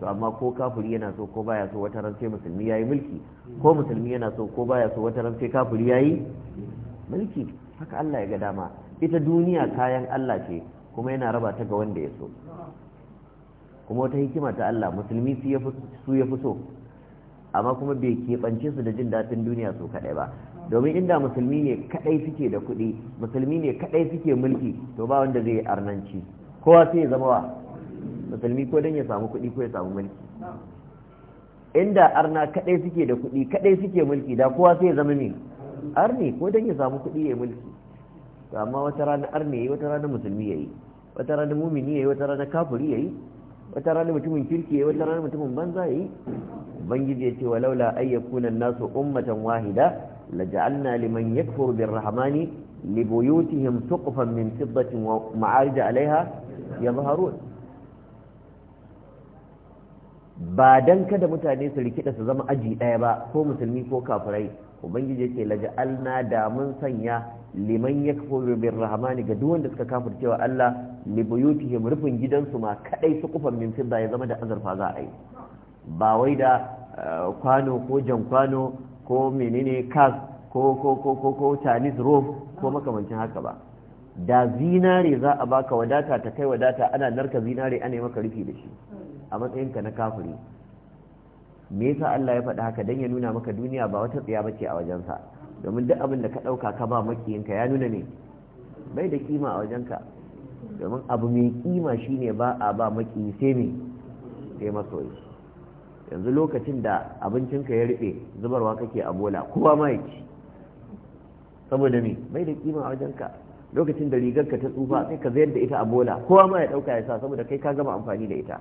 to amma ko kafuri yana so ko baya so wata ran sai musulmi yayi mulki ko musulmi yana so ko baya so wata ran sai ya yayi mulki haka Allah ya ga dama ita duniya kayan Allah ce kuma yana raba ta ga wanda ya so kuma wata hikima ta Allah musulmi su ya fi so amma kuma bai keɓance su da jin daɗin duniya su kaɗai ba domin inda musulmi ne kadai suke da kuɗi musulmi ne kadai suke mulki to ba wanda zai arnanci kowa sai ya zama wa musulmi ko don ya samu kuɗi ko ya samu mulki inda arna kadai suke da kuɗi kadai suke mulki da kowa sai ya zama ne arni ko don ya samu kuɗi ya mulki amma wata rana arni yayi wata rana musulmi yayi wata rana mumini yayi wata rana kafiri yayi wata rana mutumin kirki yayi wata rana mutumin banza yayi ubangiji ya ce walaula ayyakuna nasu ummatan wahida لجعلنا لمن يكفر بالرحمن لبيوتهم سقفا من فضة ومعارج عليها يظهرون ba dan kada mutane su rikida su zama aji ɗaya ba ko musulmi ko kafirai ubangiji yake laja'alna da mun sanya liman yakfuru bir rahmani ga duk wanda suka kafircewa Allah li buyutihim rufin gidansu ma kadai su kufan min fidda ya zama da azurfa za a yi ba da kwano ko jan kwano ko menene kas ko ko ko ko ko chinese roof ko makamancin haka ba da zinare za a baka wadata ta kai wadata ana narka zinare ana yi maka rufi da shi a matsayin ka na kafuri me yasa Allah ya faɗi haka dan ya nuna maka duniya ba wata tsiya bace a wajen sa domin duk abin da ka ɗauka ka ba makiyin ka ya nuna ne bai da kima a wajen ka domin abu mai kima shine ba a ba makiyi sai ne sai masoyi yanzu lokacin da abincinka ya rufe zubarwa kake a bola kowa ma yake saboda me mai da kima a wajenka lokacin da rigarka ta tsufa sai ka zayar da ita a bola kowa ma ya ɗauka ya sa saboda kai ka gama amfani da ita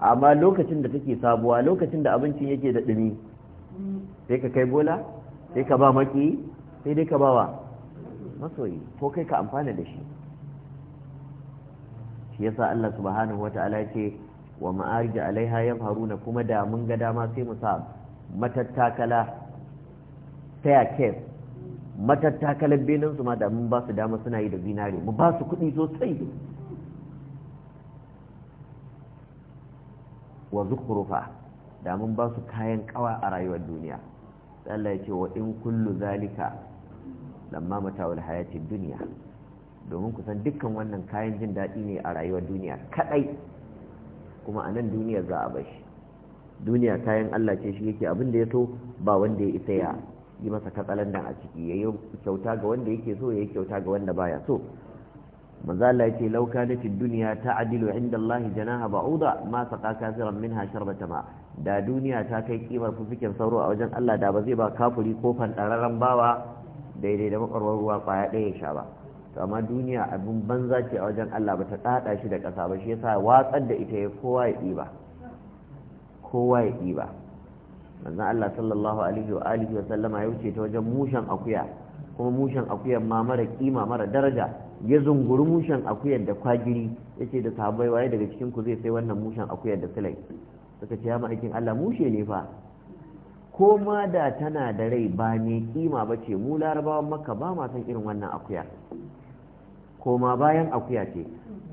amma lokacin da take sabuwa lokacin da abincin yake da ɗumi sai ka kai bola sai ka ba maki sai dai ka ba wa masoyi ko kai ka amfana da shi shi yasa Allah subhanahu wata'ala ce wa ma'arija alaiha yamharuna kuma da mun ga dama sai mu sa matattakala taya kes matattakalan benin su ma da mun ba su dama suna yi da zinare mu ba su kuɗi sosai wa zukurufa da mun ba su kayan kawa a rayuwar duniya tsalla ya ce wa in kullu zalika lamma mata'ul hayatin duniya domin kusan dukkan wannan kayan jin daɗi ne a rayuwar duniya kadai kuma a nan duniya za a bashi duniya kayan Allah ce shi yake abin da ya so ba wanda ya isa ya yi masa katsalandan a ciki ya yi kyauta ga wanda yake so ya yi kyauta ga wanda baya so manzala ce lauka na fi duniya ta adilu inda Allah janaha ba'uda ma saƙa kafiran min hashar bata ma da duniya ta kai kimar fufikin sauro a wajen Allah da ba zai ba kafuri ko fantararren bawa daidai da makwarwar ruwa kwaya ɗaya ya sha ba to amma duniya abin banza ce a wajen Allah ba ta tsada shi da ƙasa ba shi yasa watsar da ita ya kowa ya ɗiba kowa ya ɗiba manzon Allah sallallahu alaihi wa alihi wa sallama ya wuce ta wajen mushen akuya kuma mushen akuyan ma mara kima mara daraja ya zunguri mushen akuyan da kwagiri yace da sahabbai waye daga cikin ku zai sai wannan mushen akuyan da sulai suka ce ya ma'aikin Allah mushe ne fa ko ma da tana da rai ba ne kima ba ce mu larabawan makka ba ma san irin wannan akuya koma bayan akuya ce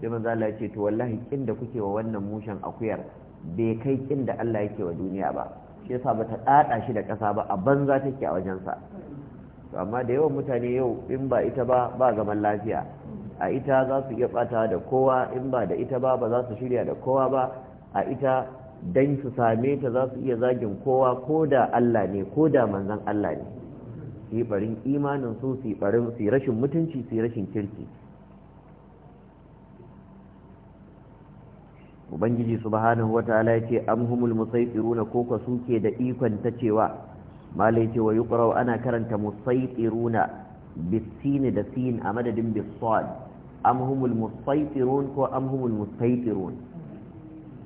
sai manzo Allah ce to wallahi kin da kuke wa wannan mushen akuyar bai kai kin da Allah yake wa duniya ba shi yasa ba ta dada shi da kasa ba a banza take a wajensa to amma da yawan mutane yau in ba ita ba ba zaman lafiya a ita za su iya bata da kowa in ba da ita ba ba za su shirya da kowa ba a ita dan su same ta za su iya zagin kowa ko da Allah ne ko da manzon Allah ne su yi barin imanin su su yi barin su rashin mutunci su yi rashin kirki ubangiji subhanahu wataala yace am humul musaytiruna ko ka suke da ikon ta cewa malai ce wa yuqra ana karanta musaytiruna bisini da sin a madadin bisad am humul musaytirun ko am humul musaytirun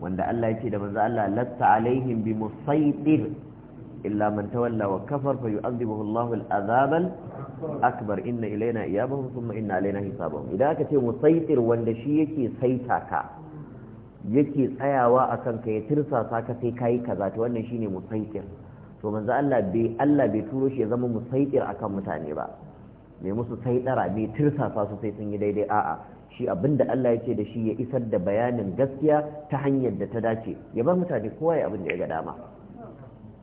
wanda Allah yace da manzo Allah lasta alaihim bi musaytir illa man tawalla wa kafar fa yu'adhibuhu Allahu al-'adhab al-akbar inna ilayna iyabahum thumma inna alayna hisabahum idan aka ce musaytir wanda shi yake saita ka yake tsayawa a kanka ya tirsasa ka sai kayi kaza to wannan shine musaitir to manzo Allah bai Allah bai turo shi ya zama musaitir akan mutane ba mai musu saidara bai tirsasa su sai sun yi daidai a'a shi abinda Allah yake da shi ya isar da bayanin gaskiya ta hanyar da ta dace ya bar mutane kowa ya abin da ya ga dama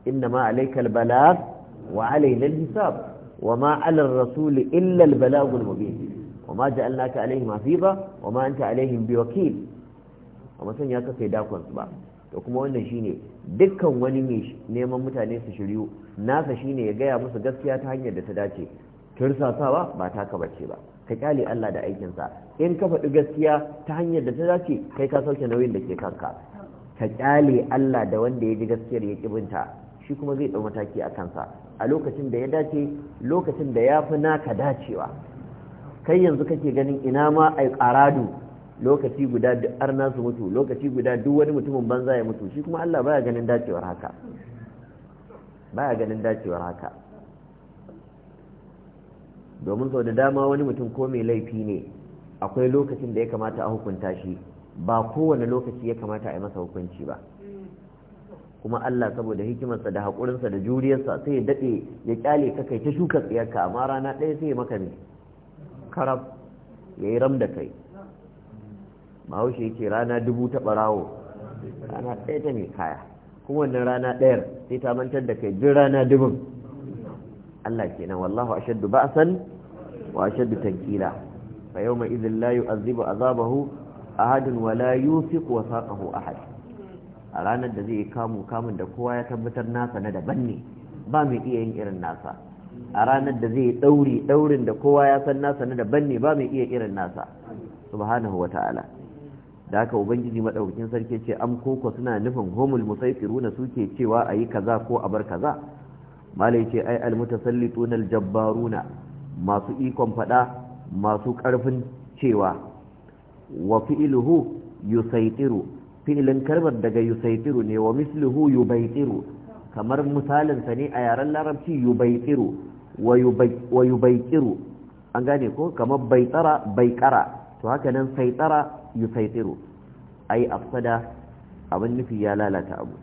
inna ma alaikal balagh wa alaina hisab wa ma ala rasul illa al-balaghul wa ma ja'alnaka alaihim hafiza wa ma anta alaihim biwakil a san ya kasa dakon ba to kuma wannan shine dukkan wani mai neman mutane su shiryu nasa shine ya gaya musu gaskiya ta hanyar da ta dace kirsasawa ba ta ka bace ba ka kyale Allah da aikinsa in ka faɗi gaskiya ta hanyar da ta dace kai ka sauke nauyin da ke kanka ka kyale Allah da wanda ya ji gaskiyar ya kibinta shi kuma zai ɗau mataki a kansa a lokacin da ya dace lokacin da ya fi naka dacewa kai yanzu kake ganin ina ma ai ƙaradu lokaci guda duk arna su mutu lokaci guda duk wani mutumin banza ya mutu shi kuma Allah baya ganin dacewar haka baya ganin dacewar haka domin sau da dama wani mutum ko mai laifi ne akwai lokacin da ya kamata a hukunta shi ba kowane lokaci ya kamata a yi masa hukunci ba kuma Allah saboda hikimarsa da haƙurinsa da juriyarsa sai ya daɗe ya ƙyale ka kai ta shuka tsiyarka amma rana ɗaya sai ya maka ne karab ya yi ram da kai mahaushe yake rana dubu ta barawo rana ɗaya ta mai kaya kuma wannan rana ɗayar sai ta mantar da kai jin rana dubun Allah ke nan wallahu ashaddu ba'asan wa shaddu tankila fa a zibu a zabahu azabahu hadin wa la yusiqu wasaqahu ahad a ranar da zai kamu kamun da kowa ya tabbatar nasa na daban ne ba mai iya yin irin nasa a ranar da zai ɗauri ɗaurin da kowa ya san nasa na daban ne ba mai iya irin nasa subhanahu wa ta'ala da haka ubangiji madaukakin sarki ce amko koko suna nufin humul na suke cewa ayi kaza ko a bar kaza malai ce ai al mutasallituna al jabbaruna masu ikon fada masu karfin cewa wa fi'luhu yusaitiru fi'lin karbar daga yusaitiru ne wa misluhu yubaitiru kamar misalin sa ne a yaren larabci yubaitiru wa yubaitiru an gane ko kamar baitara baikara to haka nan saitara yusaitiru ai afsada abin nufi ya lalata abu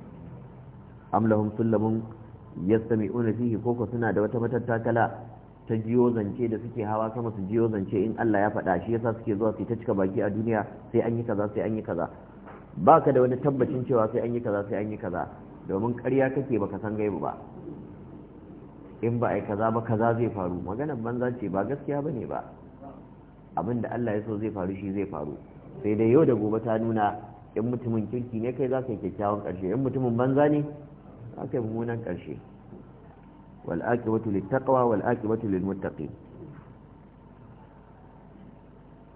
amlahum lahum sullamun yastami'una fihi koko suna da wata matattakala ta jiyo zance da suke hawa sama su jiyo zance in Allah ya fada shi yasa suke zuwa su ta cika baki a duniya sai an yi kaza sai an yi kaza baka da wani tabbacin cewa sai an yi kaza sai an yi kaza domin ƙarya kake baka san gaibu ba in ba a yi kaza ba kaza zai faru maganar banza ce ba gaskiya bane ba abin da Allah ya so zai faru shi zai faru sai dai yau da gobe ta nuna in mutumin kirki ne kai za ka yi kyakkyawan ƙarshe in mutumin banza ne za ka yi mummunan ƙarshe wal'aƙi wata littakawa wal'aƙi wata lil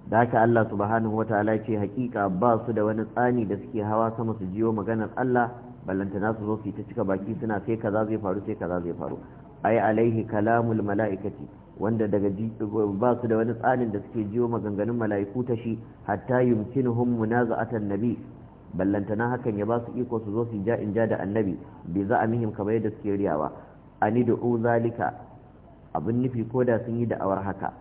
da haka Allah subhanahu wata ala ce hakika ba su da wani tsani da suke hawa sama su jiwo maganar Allah ballanta su zo su yi ta cika baki suna sai kaza zai faru sai kaza zai faru ai alaihi kalamul mala'ikati wanda daga ba su da wani tsarin da suke jiyo maganganun mala'iku ta shi hatta yumkinuhum munaza'atan nabi ballantana hakan ya ba su iko su zo su ja in ja da annabi bi za a mihim kamar yadda suke riyawa ani da u zalika abin nufi ko da sun yi da'awar haka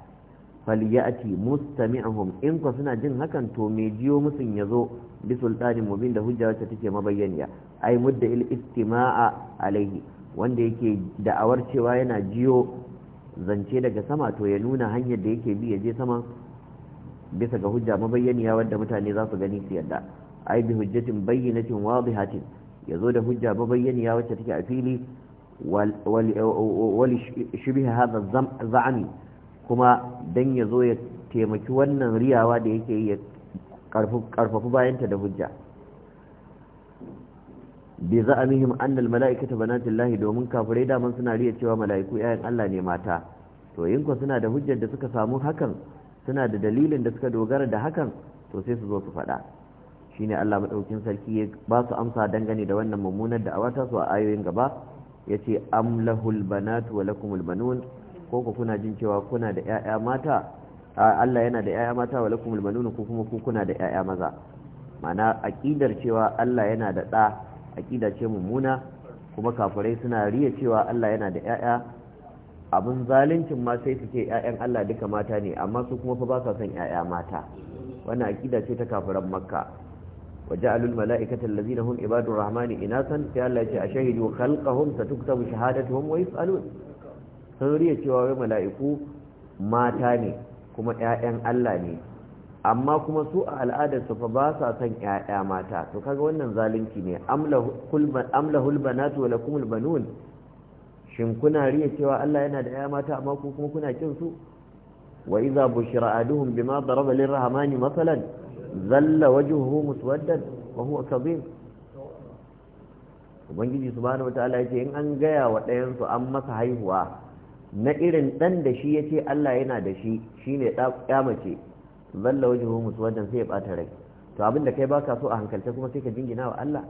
falyati mustami'uhum in ko suna jin hakan to me jiyo musun ya zo bi sultanin mubin da hujja wacce take mabayyaniya ai mudda il istima'a alaihi wanda yake da'awar cewa yana jiyo zance daga sama to ya nuna hanyar da yake bi ya je sama bisa ga hujja mabayyaniya wadda mutane za su gani su yadda ai bi hujjatin bayyinatin wadihatin ya zo da hujja mabayyaniya wacce take a fili wal shibha hadha zami kuma dan ya zo ya taimaki wannan riyawa da yake yi ya karfafu bayanta da hujja bi mihima anna mala'ikata banatillahi domin kafirai daman suna riya cewa mala'iku yayan Allah ne mata to yin ko suna da hujjar da suka samu hakan suna da dalilin da suka dogara da hakan to sai su zo su faɗa shine Allah madaukin sarki ya ba su amsa dangane da wannan mummunar da awata su a ayoyin gaba yace am lahul banatu wa lakumul banun ko ku kuna jin cewa kuna da ƴaƴa mata Allah yana da ƴaƴa mata wa lakumul banun ko kuma ku kuna da ƴaƴa maza ma'ana aqidar cewa Allah yana da ɗa aƙida ce mummuna kuma kafirai suna riya cewa Allah yana da ƴaƴa abin zaluncin ma sai suke ƴaƴan Allah duka mata ne amma su kuma fa ba sa son ƴaƴa mata wannan aƙida ce ta kafiran makka waja'alul mala'ikata allazina hum ibadun rahmani inasan sai Allah ya ce ashhadu khalqahum satuktabu shahadatuhum wa yus'alun sun riya cewa wai mala'iku mata ne kuma ƴaƴan Allah ne amma kuma su a al'adar su fa ba sa son ƴaƴa mata to kaga wannan zalunci ne amlahul banatu wa lakumul banun shin kuna riya cewa Allah yana da ƴaƴa mata amma ku kuma kuna kin su wa idza bushira aduhum bima daraba lirrahmani masalan zalla wajhuhu muswaddan wa huwa kadhib ubangiji subhanahu wataala yace in an gaya wa ɗayan su an masa haihuwa na irin dan da shi yace Allah yana da shi shine ɗa mace zalla wajhu wajen sai ya bata rai to abin da kai baka so a hankalce kuma sai ka jingina wa Allah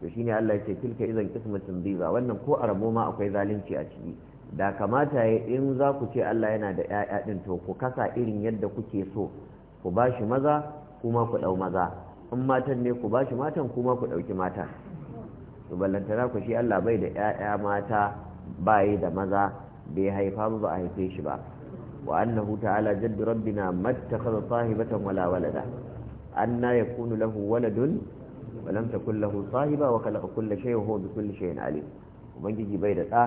to shine Allah ya ce tilka idan kismatin biza wannan ko a rabo ma akwai zalunci a ciki da kamata ya in za ku ce Allah yana da ƴaƴa din to ku kasa irin yadda kuke so ku bashi maza kuma ku dau maza in matan ne ku bashi matan kuma ku dauki mata to ballantana ku shi Allah bai da ƴaƴa mata bai da maza bai haifa ba ba a haife shi ba wa annahu ta'ala jaddu rabbina mattakhadha sahibatan wala walada anna yakunu lahu waladun wa lam takul lahu sahiba wa khalaqa kulla shay'in huwa bi kulli shay'in alim ubangiji bai da da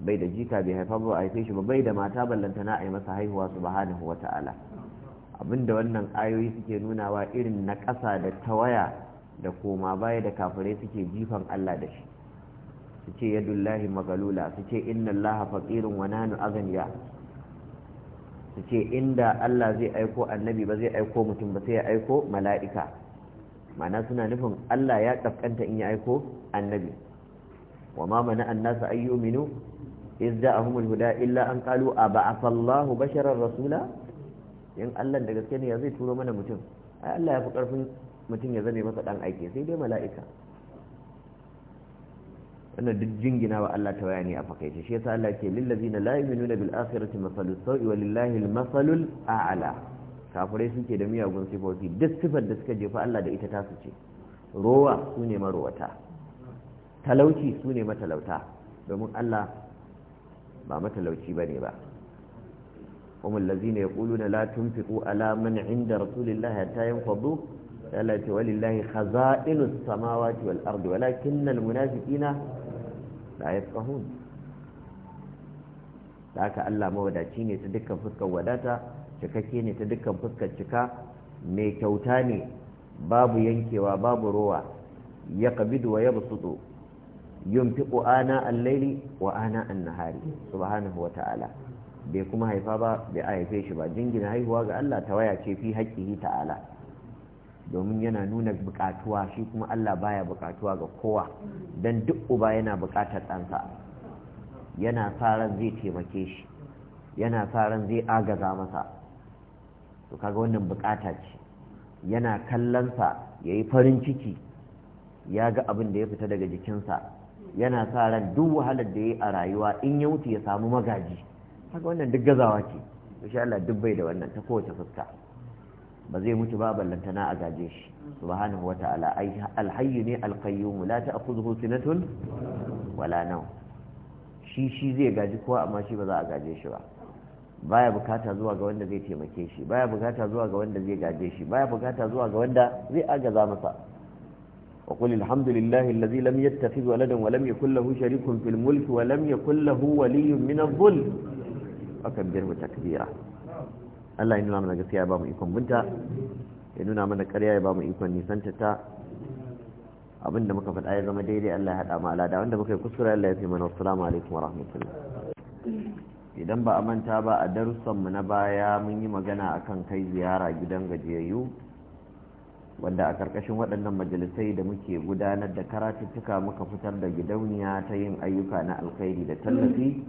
bai da jika bai haifa ba a haife shi ba bai da mata ballanta na ai masa haihuwa subhanahu wa ta'ala abinda wannan ayoyi suke nunawa irin na ƙasa da tawaya da koma baya da kafirai suke jifan Allah da shi su ce yadullahi magalula su ce inna allaha faqirin wa nanu aghniya su ce inda Allah zai aiko annabi ba zai aiko mutum ba sai ya aiko mala'ika mana suna nufin Allah ya tsafkanta in ya aiko annabi wa ma mana annasu ayyuminu iz ja'ahumul huda illa an qalu aba'athallahu basharar rasula in Allah da gaske ne ya zai turo mana mutum ai Allah ya fi karfin mutum ya zame masa dan aiki sai dai mala'ika wannan duk jingina wa Allah ta waya ne a fakaice shi yasa Allah ke lillazina la yu'minuna bil akhirati masalus sawi wa lillahi al masalul a'la kafirai suke da miyagun sifofi duk sifar da suka jefa Allah da ita ta su ce rowa su ne marowata talauci su ne matalauta domin Allah ba matalauci bane ba هم الذين يقولون لا تنفقوا على من عند رسول الله حتى ينفضوا ولله خزائن السماوات والأرض ولكن المنافقين la da aka Allah mawadaci ne ta dukkan fuskar wadata cikakke ne ta dukkan fuskar cika mai kyauta ne babu yankewa babu rowa ya kabidu wa ya yin fiƙo ana al-laili wa ana an hari subhanahu wa ta'ala bai kuma haifa ba bai haife shi ba jingina haihuwa ga Allah ta waya ce fi haqqihi ta'ala domin yana nuna bukatuwa shi kuma Allah baya bukatuwa ga kowa dan duk uba yana bukatar ɗansa yana sa zai taimake shi yana sa zai agaza masa to kaga wannan bukata ce yana kallonsa ya yi farin ciki ya ga abin da ya fita daga jikinsa yana sa ran duk wahalar da ya yi a rayuwa in ya wuce ya samu magaji kaga wannan duk gazawa ce insha Allah duk bai da wannan ta kowace fuska ba zai mutu ba ballantana a gaje shi subhanahu wa ta'ala alhayyu ne alqayyum la ta'khudhuhu sinatun wala naw shi shi zai gaji kowa amma shi ba za a gaje shi ba baya bukata zuwa ga wanda zai taimake shi baya bukata zuwa ga wanda zai gaje shi baya bukata zuwa ga wanda zai agaza masa wa qul alhamdulillahi allazi lam yattakhidh waladan wa lam yakul lahu sharikun fil mulki wa lam yakul lahu waliyyun min adh-dhulm akabbirhu takbira Allah ya nuna mana gaskiya ya ba mu ikon binta ya nuna mana ƙarya ya ba mu ikon nisanta ta abinda muka faɗa ya zama daidai Allah ya haɗa mu alada wanda muka yi kuskure Allah ya fi mana assalamu alaikum wa rahmatullahi idan ba a manta ba a darussan mu na baya mun yi magana akan kai ziyara gidan gajiyayyu wanda a karkashin waɗannan majalisai da muke gudanar da karatuttuka muka fitar da gidauniya ta yin ayyuka na alkhairi da tallafi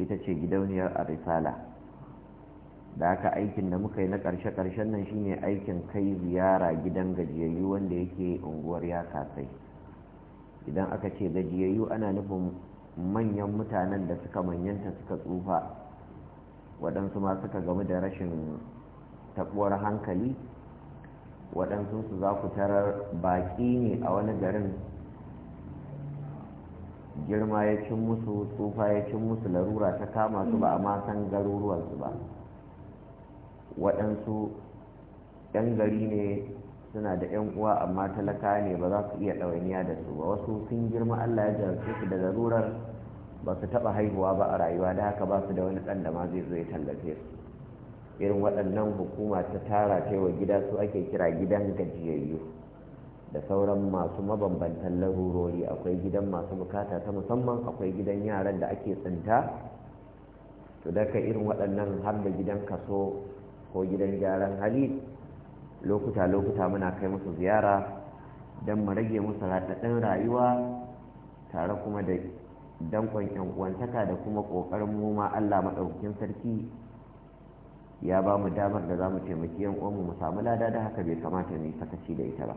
ita ce gidauniyar a risala da haka aikin da muka yi na ƙarshe karshen nan shine aikin kai ziyara gidan gajiyayyu wanda yake unguwar ya kasai idan aka ce gajiyayyu ana nufin manyan mutanen da suka manyanta suka tsufa waɗansu ma suka gamu da rashin taɓuwar hankali waɗansu su za ku tarar baƙi ne a wani garin girma ya cin musu tsufa ya cin musu larura ta kama su ba a masan garuruwansu ba waɗansu 'yan gari ne suna da 'yan uwa amma talaka ne ba za su iya ɗawainiya da su ba wasu sun girma allah ya jarce su da zarurar ba su taɓa haihuwa ba a rayuwa da haka ba su da wani ɗan da ma zai zo ya tallafe su irin waɗannan hukuma ta tara ta wa gida su ake kira gidan gajiyayyu da sauran masu mabambantan larurori akwai gidan masu bukata ta musamman akwai gidan yaran da ake tsinta to daga irin waɗannan har da gidan kaso ko gidan gyaran hali lokuta-lokuta muna kai musu ziyara don mu rage musu raɗaɗin rayuwa tare kuma da dankon uwantaka da kuma ƙoƙarin mu Allah maɗaukakin sarki ya ba mu damar da za mu taimaki yan uwanmu mu samu lada da haka bai kamata mu sakaci da ita ba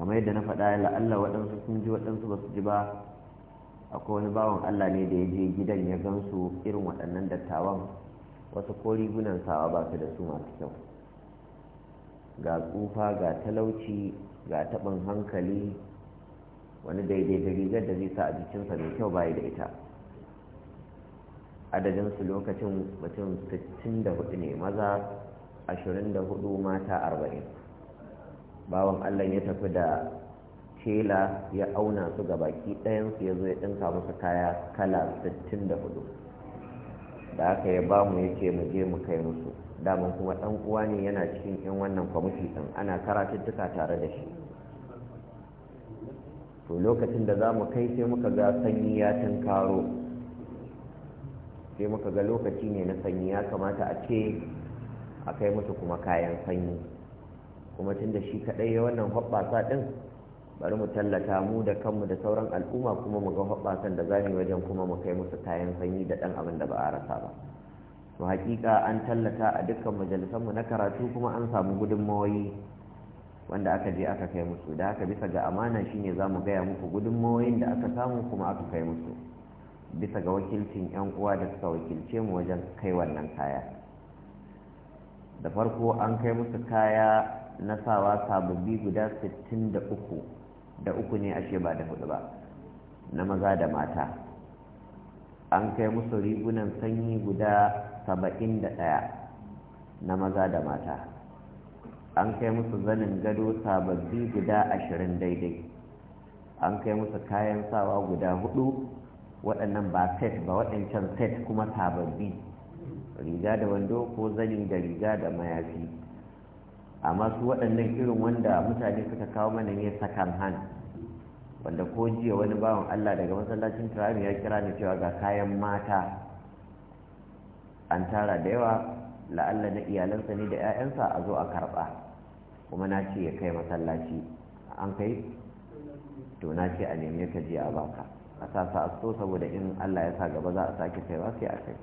kamar yadda na faɗa allah waɗansu sun ji waɗansu ba su ji ba akwai wani bawan Allah ne da ya je gidan ya gansu irin waɗannan dattawan wasu ko rigunan sawa ba su da su masu kyau ga tsufa ga talauci ga taɓin hankali wani daidai da rigar da zai sa a jikinsa mai kyau bayi da ita adadin su lokacin mutum 64 ne maza 24 mata 40 bawan allah ya tafi da tela ya auna su ga baki ɗayansu ya zo ya ɗinka musu kaya kala 64 da aka yi ba mu yake mu je mu kai musu daman kuma dan uwa ne yana cikin yan wannan kwamiti ɗin ana karatuttuka tare da shi to lokacin da za mu kai sai muka ga sanyi ya tunkaro sai muka ga lokaci ne na sanyi ya kamata a ce a kai musu kuma kayan sanyi kuma tun da shi kaɗai wannan hoɓɓasa ɗin bari mu tallata mu da kanmu da sauran al'umma kuma mu ga hoɓasan da za yi wajen kuma mu kai musu kayan sanyi da ɗan abin da ba a rasa ba to hakika an tallata a dukkan majalisanmu na karatu kuma an samu gudunmawoyi wanda aka je aka kai musu da haka bisa ga amana shine za mu gaya muku gudunmawoyin da aka samu kuma aka kai musu bisa ga wakilcin 'yan uwa da suka wakilce mu wajen kai wannan kaya da farko an kai musu kaya na sawa sababbi guda sittin da uku. da uku ne ashe ba da hudu ba na maza da mata an kai musu rigunan sanyi guda saba'in da ɗaya na maza da mata an kai musu zanin gado sababbi guda ashirin daidai an kai musu kayan sawa guda hudu waɗannan ba set ba waɗancan set kuma sababbi riga da wando ko zani da riga da mayafi amma su waɗannan irin wanda mutane suka kawo mana ne sakan han wanda ko jiya wani bawan Allah daga masallacin turami ya kira ni cewa ga kayan mata an tara da yawa la'alla na iyalansa ne da 'ya'yansa a zo a karɓa kuma na ce ya kai masallaci an kai to na ce a nemi ka jiya a baka a sa sa so saboda in Allah ya sa gaba za a sake kaiwa sai a kai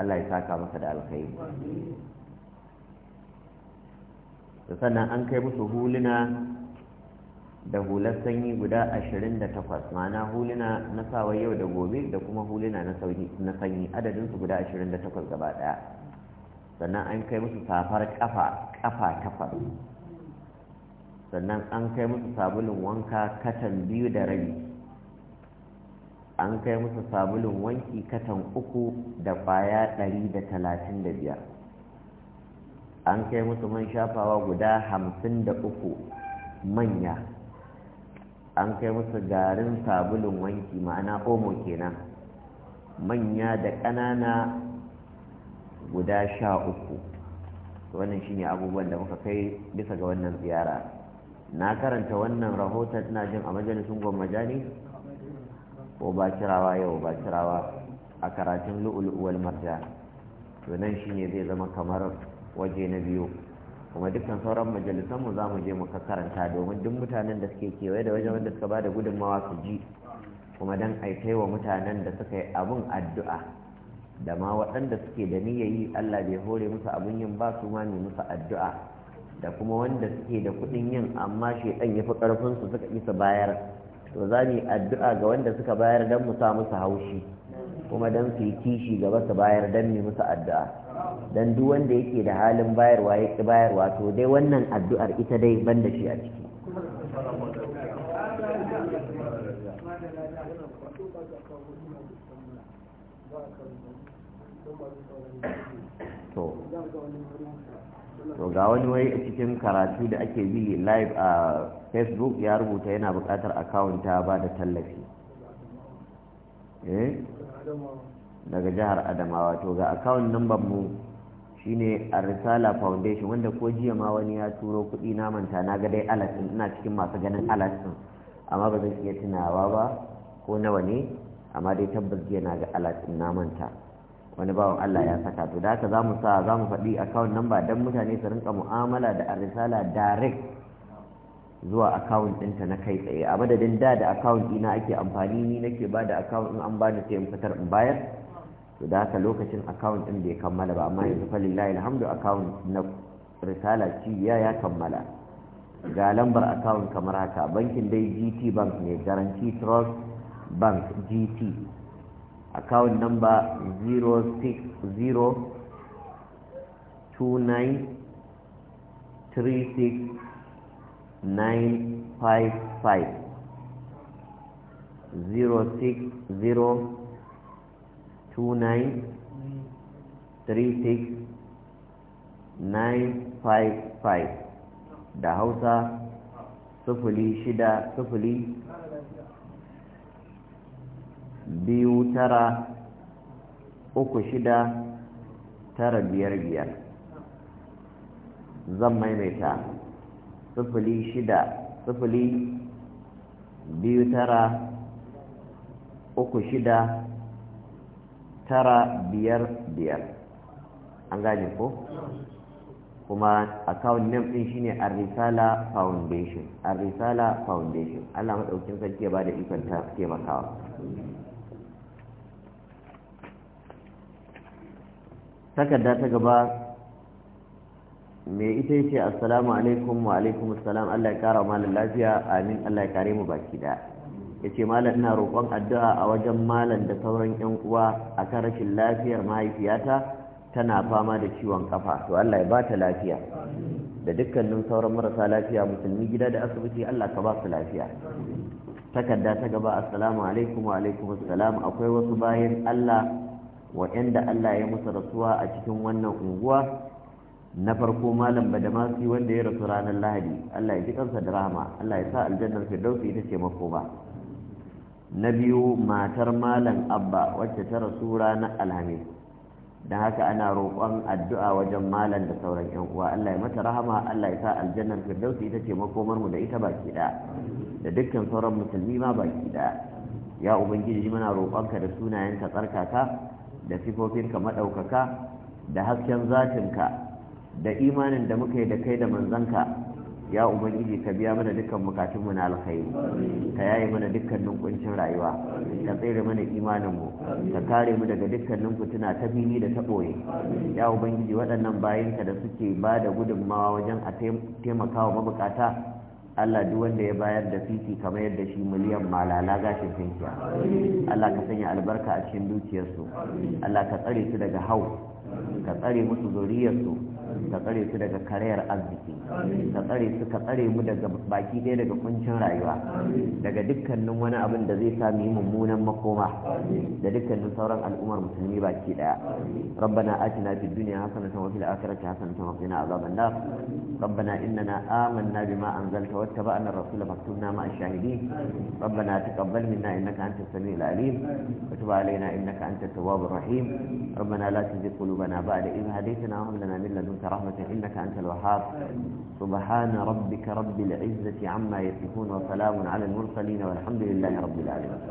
Allah ya saka masa da alkhairi da sannan an kai musu huluna da hular sanyi guda ashirin da takwas ma'ana huluna na sawa yau da gobe da kuma huluna na sanyi adadinsu guda ashirin da takwas gaba ɗaya sannan an kai musu safar kafa kafa takwas sannan an kai musu sabulun wanka katan biyu da rabi an kai musu sabulun wanki katan uku da baya ɗari da talatin da biyar an kai musu man shafawa guda hamsin da uku manya an kai musu garin sabulun wanki ma'ana omo kenan manya da ƙanana guda sha uku wannan shine abubuwan da muka kai bisa ga wannan ziyara na karanta wannan rahoton ina jin a majalisun gwammaja ko ba kirawa yau ba kirawa a karatun lu'ul'uwal marja to nan shine zai zama kamar waje na biyu kuma dukkan sauran majalisanmu za mu je mu karanta domin duk mutanen da suke kewaye da wajen wanda suka ba da gudunmawa su ji kuma don aikai wa mutanen da suka yi abin addu'a da ma waɗanda suke da niyayi Allah bai hore musu abin yin ba su ma ne musu addu'a da kuma wanda suke da kuɗin yin amma shaidan ya fi ƙarfin su suka isa bayar to za mu yi addu'a ga wanda suka bayar don mu sa musu haushi kuma don su yi kishi gaba su bayar don mu musu addu'a dan duk wanda yake da halin bayarwa ya ki bayarwa to dai wannan addu'ar ita dai banda shi a ciki to ga wani wai a cikin karatu da ake bi live a facebook ya rubuta yana buƙatar akawunta ba da tallafi eh? daga jihar adamawa to ga account number mu shine arisala foundation wanda ko jiya ma wani ya turo kuɗi na manta na ga dai din ina cikin masu ganin alas din amma ba zan iya tunawa ba ko nawa ne amma dai tabbas jiya na ga alas din na manta wani bawan Allah ya saka to da haka za mu sa za mu faɗi account number dan mutane su rinka mu'amala da arisala direct zuwa account ɗinta na kai tsaye a madadin da da account ɗina ake amfani ni nake ba da account in an bani sai in fitar in bayar to da haka lokacin account din bai kammala ba amma yanzu falillahi alhamdu account na risala ci ya ya kammala ga lambar akawun kamar haka bankin dai GT bank ne garanti trust bank GT account number 060 29 955 2936 da hausa sufuli shida sufuli biyu tara uku shida tara biyar biyar zan maimaita sufuli shida sufuli biyu tara uku shida tara biyar biyar an gane ko kuma account name din shine Arisala Foundation Arisala Foundation Allah madaukin sarki ya bada ikon ta taimakawa takarda ta gaba me ita ce assalamu alaikum wa alaikum assalam Allah ya kara mu lafiya amin Allah ya kare mu baki da ya ce malam ina roƙon addu'a a wajen malam da sauran 'yan uwa a kan rashin lafiyar mahaifiyata tana fama da ciwon kafa to Allah ya ba ta lafiya da dukkanin sauran marasa lafiya musulmi gida da asibiti Allah ka ba su lafiya takarda ta gaba assalamu alaikum wa alaikum assalam akwai wasu bayan Allah waɗanda Allah ya musu rasuwa a cikin wannan unguwa na farko malam badamasi wanda ya rasu ranar lahadi Allah ya ji kansa da rahama Allah ya sa aljannar firdausi ita ce makoma na biyu matar malam abba wacce ta rasu ranar alhamis Da haka ana roƙon addu'a wajen malam da sauran yan uwa Allah ya mata rahama Allah ya sa aljannar firdausi ita ce makomar da ita baki da da dukkan sauran musulmi ma baki da ya ubangiji muna roƙonka da sunayen ka tsarkaka da sifofinka maɗaukaka da hasken zatinka da imanin da muka yi da kai da manzanka ya ubangiji ka biya mana dukkan bukatun na alkhairi ka yaye mana dukkan kuncin rayuwa ka tsere mana imanin mu ka kare mu daga dukkanin fituna ta bini da ta boye ya ubangiji waɗannan ka da suke ba da gudunmawa wajen a taimaka wa mabukata Allah duk wanda ya bayar da fiti kamar yadda shi miliyan malala gashin tinkiya Allah ka sanya albarka a cikin dukiyarsu Allah ka tsare su daga hau ka tsare musu zuriyarsu ka tsare su daga karayar arziki ka tsare su ka tsare mu daga baki ɗaya daga kuncin rayuwa daga dukkanin wani abin da zai sami mummunan makoma da dukkanin sauran al'ummar musulmi baki ɗaya rabbana atina fid dunya hasanatan wa fil akhirati hasanatan wa qina azaban nar rabbana innana amanna bima anzalta wattaba'na ar-rasula faktubna ma'a ash-shahidin rabbana taqabbal minna innaka antas samiul alim wa tub alaina innaka antat tawwabur rahim rabbana la tuzigh qulubana ba'da idh hadaytana wa hab lana min ladunka برحمتك إنك أنت الوهاب سبحان ربك رب العزة عما يصفون وسلام على المرسلين والحمد لله رب العالمين